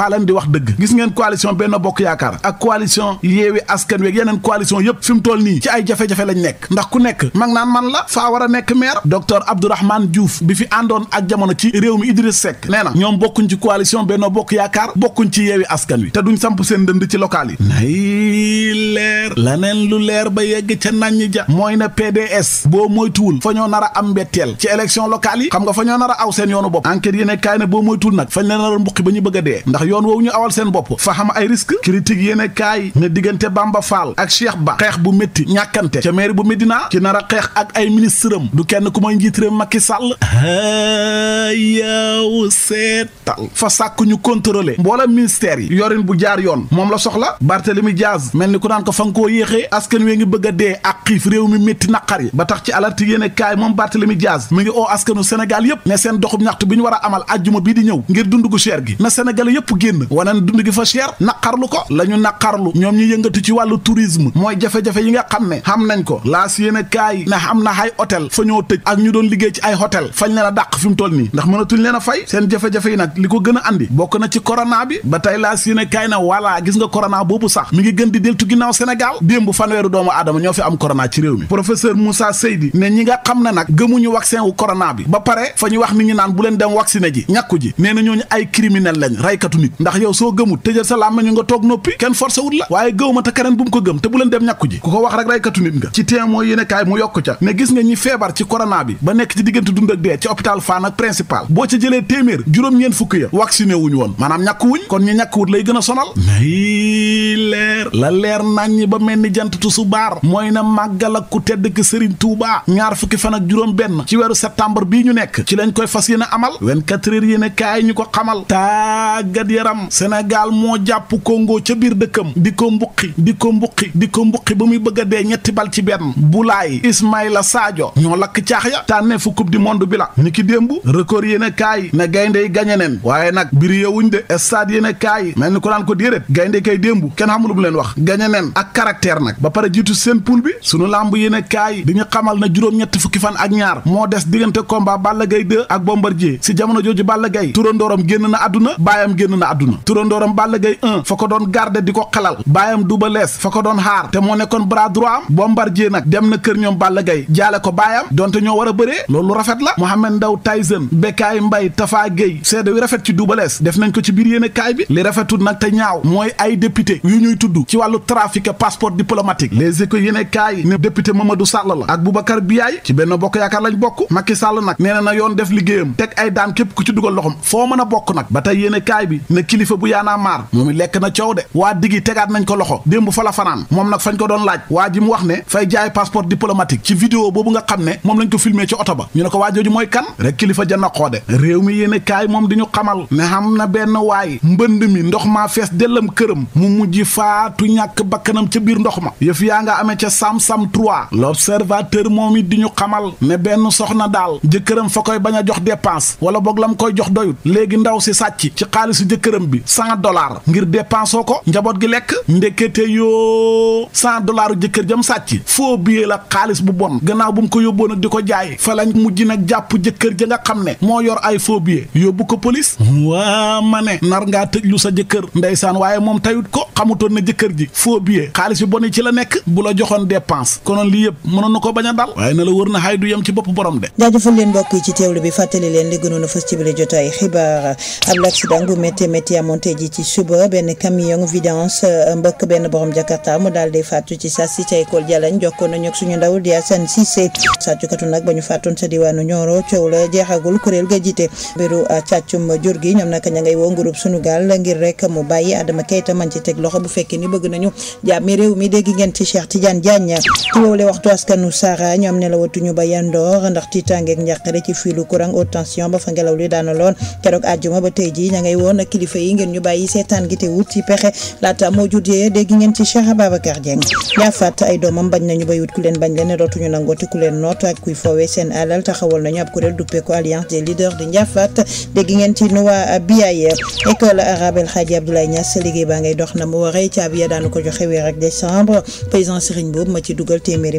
a wax dëgg gis ngeen coalition Benno Bokk Yaakaar ak coalition Yewwi Askan Wi ak yeneen coalition yëpp fi mu toll nii ci ay jafe-jafe lañ nekk ndax ku nekk mag naan man la faa war a nekk maire docteur Abdourahmane Diouf bi fi àndoon ak jamono ci réew mi Idriss Seck nee na ñoom bokkuñ ci coalition Benno Bokk Yaakaar bokkuñ ci Yewwi Askan Wi te duñ samp seen dënd ci local yi nay leer laneen lu leer ba yegg ca nañ ja mooy na PDS boo moytuwul fa ñoo nar am mbetteel ci élection locale yi xam nga fa ñoo nar a aw seen yoonu bopp enquête yi ne kaay ne boo moytuwul nag fañ leen nar a ñu bëgg a awal seen bopp fa xam ay risque critique yéene kaay ne diggante Bamba Fall ak Ba xeex bu métti ñàkkante ca mairie bu Médina ci nar a xeex ak ay ministre am du kenn ku may njiit réew Macky Sall ah, yow seetal fa sàkk ñu contrôler mboolem ministère yi yorin bu jaar yoon moom la soxla Barthélemy Diaz mel ni ku naan ko fa nga koo yéexee askan wee ngi bëgg dee ak xiif réew mi métti naqar yi ba tax ci alerte yéene kaay moom Barthélemy Diaz mi ngi oo askanu Sénégal yépp ne seen doxub ñaxtu bi ñu war a amal ajjuma bii di ñëw ngir dund gu cher gi na Sénégal yépp génn nan dund gi fa cher naqarlu ko la ñu naqarlu ñoom ñu yëngatu ci wàllu tourisme mooy jafe-jafe yi nga xam ne xam nañ ko laas yéen a kaay ne am na ay hôtel fa ñoo tëj ak ñu doon liggéey ci ay hôtel fañ leen a dàq fi mu toll nii ndax mënatuñ leen a fay seen jafe-jafe yi nag li ko gën a andi bokk na ci corona bi ba tey laas yéen a kaay na voilà gis nga corona boobu sax mi ngi gën di deltu ginnaaw Sénégal démb fanweeru doomu aadama ñoo fi am corona ci réew mi professeur Moussa Seydi ne ñi nga xam ne nag gëmuñu vaccin wu corona bi ba pare fa ñu wax nit ñi naan bu leen dem vacciné ji ñàkku ji nee na ñooñu ay criminel lañ raykatu nit ndax soo gëmut tëjal sa làmmiñ nga toog noppi kenn forcé wut la waaye gëwuma te keneen bu mu ko gëm te bu leen dem ñàkku ji ku ko wax rek raykatu nit nga ci téem mooy yéene kaay mu yokk ca ne gis nga ñi feebar ci corona bi ba nekk ci diggante dund ak dee ci hôpital Fann ak boo ca jëlee téeméer juróom-ñeen fukk ya vacciné wuñ woon maanaam ñàkk wuñ kon ñi ñàkk wut lay gën a sonal nay leer la leer nañ ba mel ni jant tu su baar mooy na màggal ak ku tedd ki Serigne Touba ñaar fukki fan ak juróom benn ci weeru septembre bii ñu nekk ci lañ fas yéene amal 24 heures yéene kaay ñu ko xamal tàggat yaram Sénégal moo jàpp Congo ca biir dëkkam di ko mbuqi di ko mbuqi di ko mbuqi ba muy bëgg a dee ñetti bal ci benn Boulaye Ismaïla Sadio ñoo lakk caax ya tànnee fu di du monde bi la ni ki démb record yéene kaay ne gayndey gañe neen waaye nag biir yowuñ de stade yéene kaay mel ni ko naan ko déedéet gayndey kay démb kenn xamul leen wax gañe neen ak caractère nag ba pare jiitu seen poule bi sunu làmb yéene kaay di ñu xamal na juróom-ñetti fukki fan ak ñaar moo des diggante combat Balla Gaye 2 ak Bombardier si jamono jooju Balla Gaye turandooram génn na àdduna baayam génn na àdduna turandooram Balla Gaye 1 fa ko doon garde di ko xelal baayam Double Less fa ko doon xaar te moo nekkoon bras droit am Bombardier nag dem na kër ñoom Balla Gaye jaale ko baayam donte ñoo war a bëree loolu rafet la Mohamed Ndaw Tyson Bekkaay Mbay Tafa Gueye seede wi rafet ci Double Less def nañ ko ci biir yéene kaay bi li rafetul nag te ñaaw mooy ay député yu ñuy tudd ci wàllu trafic passeport diplomatique les éco yéene kaay ne député Mamadou Sall la ak Boubacar Biaye ci bokk yaakaar lañ bokk Macky Sall nag nee na yoon def liggéeyam teg ay daan képp ku ci dugal loxom foo bu yaanaa maar moom it lekk na coow de waa digi tegaat nañ ko loxo démb fa la fanaan moom nag fañ ko doon laaj waa ji mu wax ne fay jaay passeport diplomatique ci vidéo boobu nga xam ne moom lañ ko filmé ci oto ba ñu ne ko waa jooju mooy kan rek kilifa ja naqoo de réew mi yéene kaay moom di ñu xamal ne xam na benn waay mbënd mi ndox maa fees dellam këram mu mujj faatu ñàkk bakkanam ca biir ndox ma yëf yaa nga amee ca sam-sam 3 l'observateur moom it di ñu xamal ne benn soxna daal jëkkëram fa koy bañ a jox dépense wala boog lam koy jox doyut léegi ndaw si sàcc ci xaalisu jëkkëram bi cent dollars ngir dépensoo ko njaboot gi lekk ndekete yoo cent dollars jëkkër jëm sàcc foo biyee la xaalis bu bon gannaaw bu mu ko yóbboon ak di ko jaay fala lañ mujj nag jàpp jëkkër ja nga xam ne moo yor ay foo biyee yóbbu ko polis waa ma ne nar ngaa tëj lu sa jëkkër ndeysaan waaye moom tayut ko xamutoon na jëkkër ji foo biyee xaalis yu bon yi ci la nekk bu la joxoon dépense konoon lii yëpp mënoon na ko bañ a dal waaye na la wër na xay du yem ci bopp borom de jaajëfal leen mbokk yi ci teewlu bi fàttali leen li gënoon a fës ci bile jotaay xibaar ab l'accident bu métti métti amoon tey ji ci suba benn camion vidange euh, mbëkk benn borom jakarta mu daal di faatu ci sa si ca école Jalañ jokkoon nañu ak suñu ndaw di Assane Cissé sàccukatu nag ba ñu faatoon sa diwaanu Nioro coow la jeexagul kuréel ga jiite mbiru euh, càccum jur gi ñoom naka ña ngay woo groupe sunu gaal ngir rek mu bàyyi Adama Keita man ci teg loxo bu fekkee ni bëgg nañu jàmmi réew mi dégg ngeen ci Cheikh Tidiane Diagne ci woowle waxtu askanu Sahara ñoom ne la watuñu ba yandoor ndax tiitaangeeg njàqare ci fiilu ba fa ngelaw li daana loon keroog àjjuma ba tey ji ña ngay woon kilifa yi ngir leen ñu bàyyi seetaan gi te wut ci pexe laata moo juddee dégg ngeen ci a Ababacar Dieng yaa fàtt ay doomam bañ nañu bay wut ku leen bañ leen dootuñu nangooti ku leen noot ak kuy foowee seen alal taxawal nañu ab kuréel duppee ko alliance des leaders de Ndiafate dégg ngeen ci Noa Biaye école arabe El Hadji Abdoulaye Niass liggéey baa ngay dox na mu waree caabi daanu ko joxe weer ak décembre président Serigne Mboup ma ci dugal téeméeri